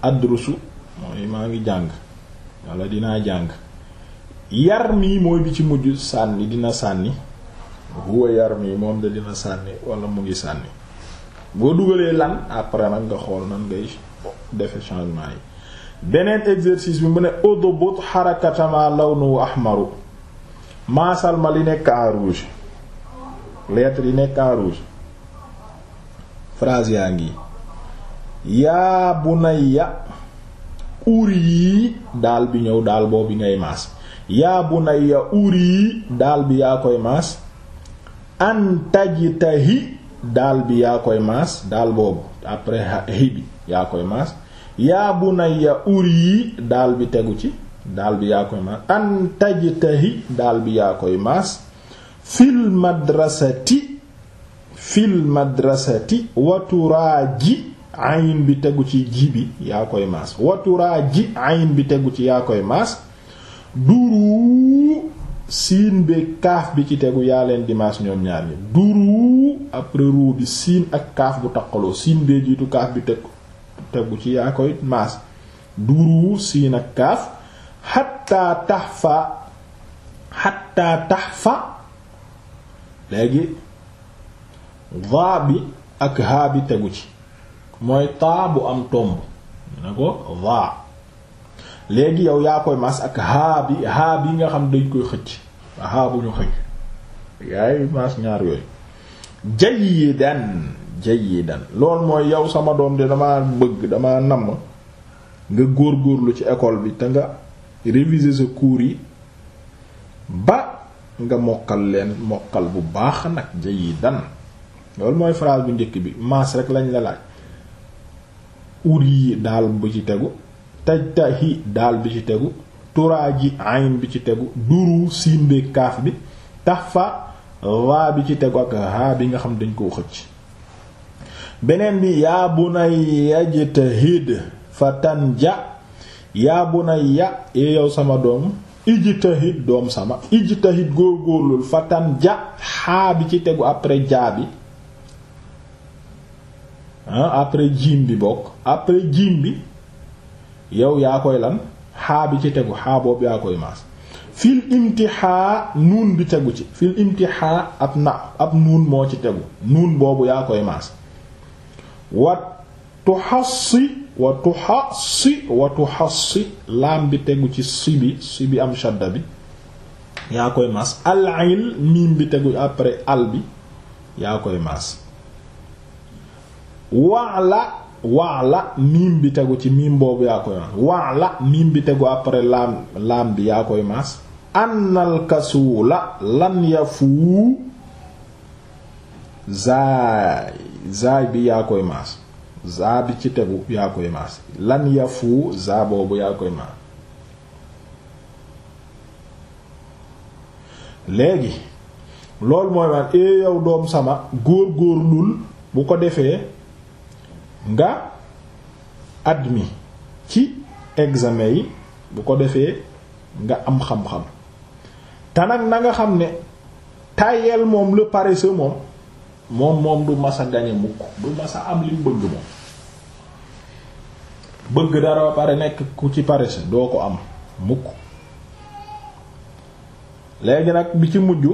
adrusu mooy maa ngi jàng walla dinaa jàng yar mii mooy bi ci mujj sànni dina sànni huwa yarmi moom de dina sànni wala mu ngi sànni boo dugalee lan après nag nga xool nan ngay defe changement yi beneen exercice bi mu ne udbut xarakatama lawnu ahmaru maasal ma li nekk en rouge lettre yi nekk en rouge phrase yaa ngi yaa bunayya uri yi daal bi ñëw daal boobu ngay maas yaa bunayya uri yi daal bi yaa koy maas antajtahi daal bi yaa koy maas daal boobu après hi bi yaa koy maas yaa bunayya daal bi tegu ci daal bi yaa koy maas antajtahi daal bi yaa koy maas fil madrasati fil madrasati waturaaji ayn bi tegu ci ji bi yaa koy maas waturaaji ayn bi tegu ci yaa koy maas duru siin beeg kaaf bi ci tegu yaa leen dimaas ñoom ñaar ñi duru après ruu bi siin ak kaaf bu taqaloo siin bee jiitu kaaf bi teg tegu ci yaa koy maas duru siin ak kaaf xattaa tax fa xattaa tax fa léegi va bi ak ha bi tegu ci mooy taa bu am tomb ne ko va léegi yow yaa koy maas ak haa bi nga xam dañ koy xëcc haa bu ñu xëcc yaay maas ñaar yooyu jayidan jayidan loolu mooy yow sama doom de dama bëgg damaa namm nga góor góorgóorlu ci école bi te nga réviser sa cours yi ba nga mokkal leen mokkal bu baax nag jayidan loolu mooy phrase bu njëkk bi maas rek lañ la laaj ur yi daal bu ci tegu tajtahi daal bi ci tegu turaaji ayn bi ci tegu duru simbe kaaf bi taxfa waa bi ci tegu ak haa bi nga xam dañ koo xëcc beneen bi yaa bunayya ijtahid fatanja yaa bunayya yow sama doom ijtahid doom sama ijtahid góorgóorlul fatanja haa bi ci tegu après jaa bi ah, après jiim bi bokk après jiim bi yow yaa koy lan xaa bi ci tegu xaa boobu yaa koy maas fil imtixaa nuun bi tegu ci fil imtixaa ab na ab nuun moo ci tegu nuun boobu yaa koy maas wa tuxassi wa tuxassi wa tuxassi laam bi tegu ci si bi am shadda bi yaa koy maas al miim bi tegu après al bi yaa koy maas wala waa la miim bi tegu ci miim boobu yaa koy maas waa la miim bi tegu après laam laam bi yaa koy maas annal la lan yafuu zaay zaay bi yaa koy maas zaa bi ci tegu yaa koy maas lan yafuu zaa boobu yaa koy maas léegi loolu mooy man e eh yow doom sama góor góorlul bu ko defee nga admis ci examen yi bu ko defee nga am xam-xam te nag na nga xam ne tayel moom le paresseux moom moom moom du masa gañe mukk du masa am li bëgg moom bëgg dara pare nekk ku ci paresseux doo ko am mukk léegi nag bi ci mujj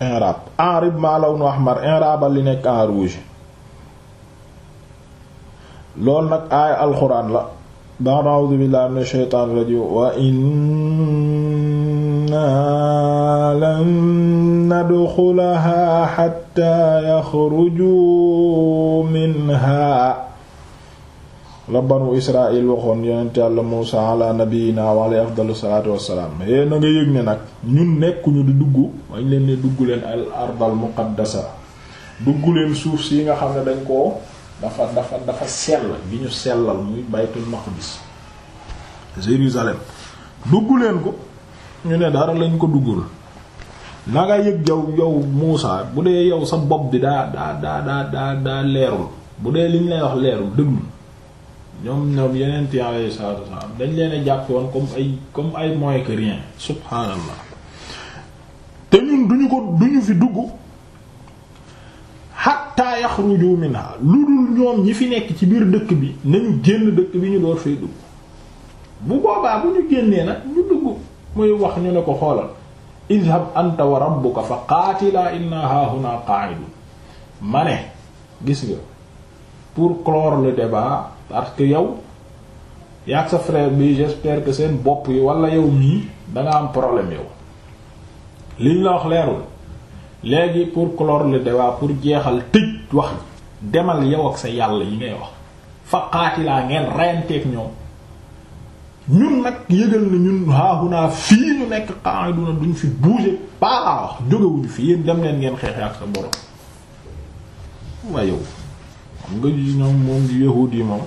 inrab enrib maa law wax ahmar inrabal li nekk en rouge lool nag aaya alxuraan la ba'da a'uuzu billahi minash shaytaanir rajiim wa inna lan nadxulahaa hattaa yaxruju minhaa la banu israil waxoon yonent yàlla Muusaa ala nabiyyinaa wa alayhi afdalu salaatu wassalaam é na nga yëg ne nag ñun nekkuñu di dugg wañ leen ne dugg leen al ardal muqaddasa dugg leen suuf si yi nga xam ne dañ ko dafa dafa dafa sell bi ñu sellal muy baytul maqdis Jérusalem dugg leen ko ñu ne dara lañ ko duggul na nga yëg yow yow Muusa bu dee yow sa bopp di daa daa daa daa daa daa leerul bu dee liñ lay wax leerul dëgg ñoom ñoom yeneen ti alayhi salaatu wasallam dañ leen a jàpp woon comme ay comme ay moins que rien subhaanallah te ñun duñu ko duñu fi dugg yaxruju minha lu dul ñoom ñi fi nekk ci biir dëkk bi nañu génn dëkk bi ñu door fay dugg bu boobaa bu ñu génnee nag ñu dugg muy wax ñu ne ko xoolal idhab anta wa rabbuka fa qaatilaa inna haahuna qaa'idun ma ne gis nga pour clore le débat parce que yow yaag sa frère bi j'espère que seen bopp yi walla yow mii danga am problème yow liñ la wax leerul léegi pour clore le débat pour jeexal tëj wax demal yow ak sa yàlla yi ngay wax fa qaatilaa ngeen reyanteeg ñoom ñun nag yëgal na ñun haahunaa fii ñu nekk qa'iduna duñ fi bouger baalaa jógewuñu fi yéen dem leen ngeen xeexe ak sa borom waaye yow nga ji ñoom moom di yahuud yi moom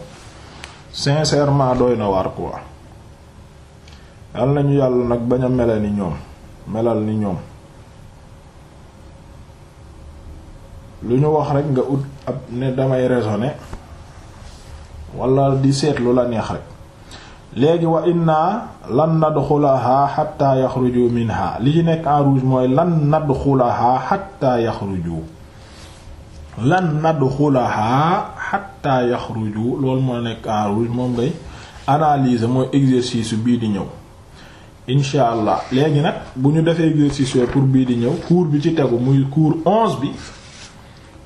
sincèrement doy na waar quoi yàlla nañu yàlla nag bañ a mele ni ñoom melal ni ñoom lu ñu wax rek nga ut ab ne damay raisonner wala di seetlu lu la neex léegi wa inna lan nadxulaha xatta yaxruju minha li ci nekk en mooy lan nadxulaha xatta yaxruju lan nadxulaha xatta yaxruju loolu moo nekk en rouge moom ngay analyse mooy exercice bii di ñëw incha allah léegi nag bu ñu defee exercice pour bii di ñëw cours bi ci tegu muy cours onze bi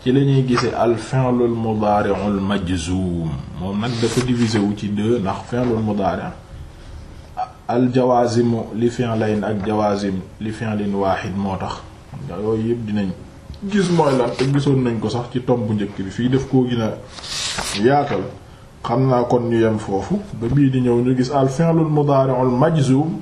ci la ñuy gisee al fi'lul mudaari'ul majzuum moom nag dafa divisé wu ci deux ndax fi'lul mudaari' al jawaazimu li fi'layn ak jawaazim li fi'lin waahid moo tax yooyu yëpp dinañ gis mooy lan te gisoon nañ ko sax ci tomb bu njëkk bi fii def koo gën a xam naa kon ñu yem foofu ba bii di ñëw ñu gis al fi'lul mudaari'ul majzuum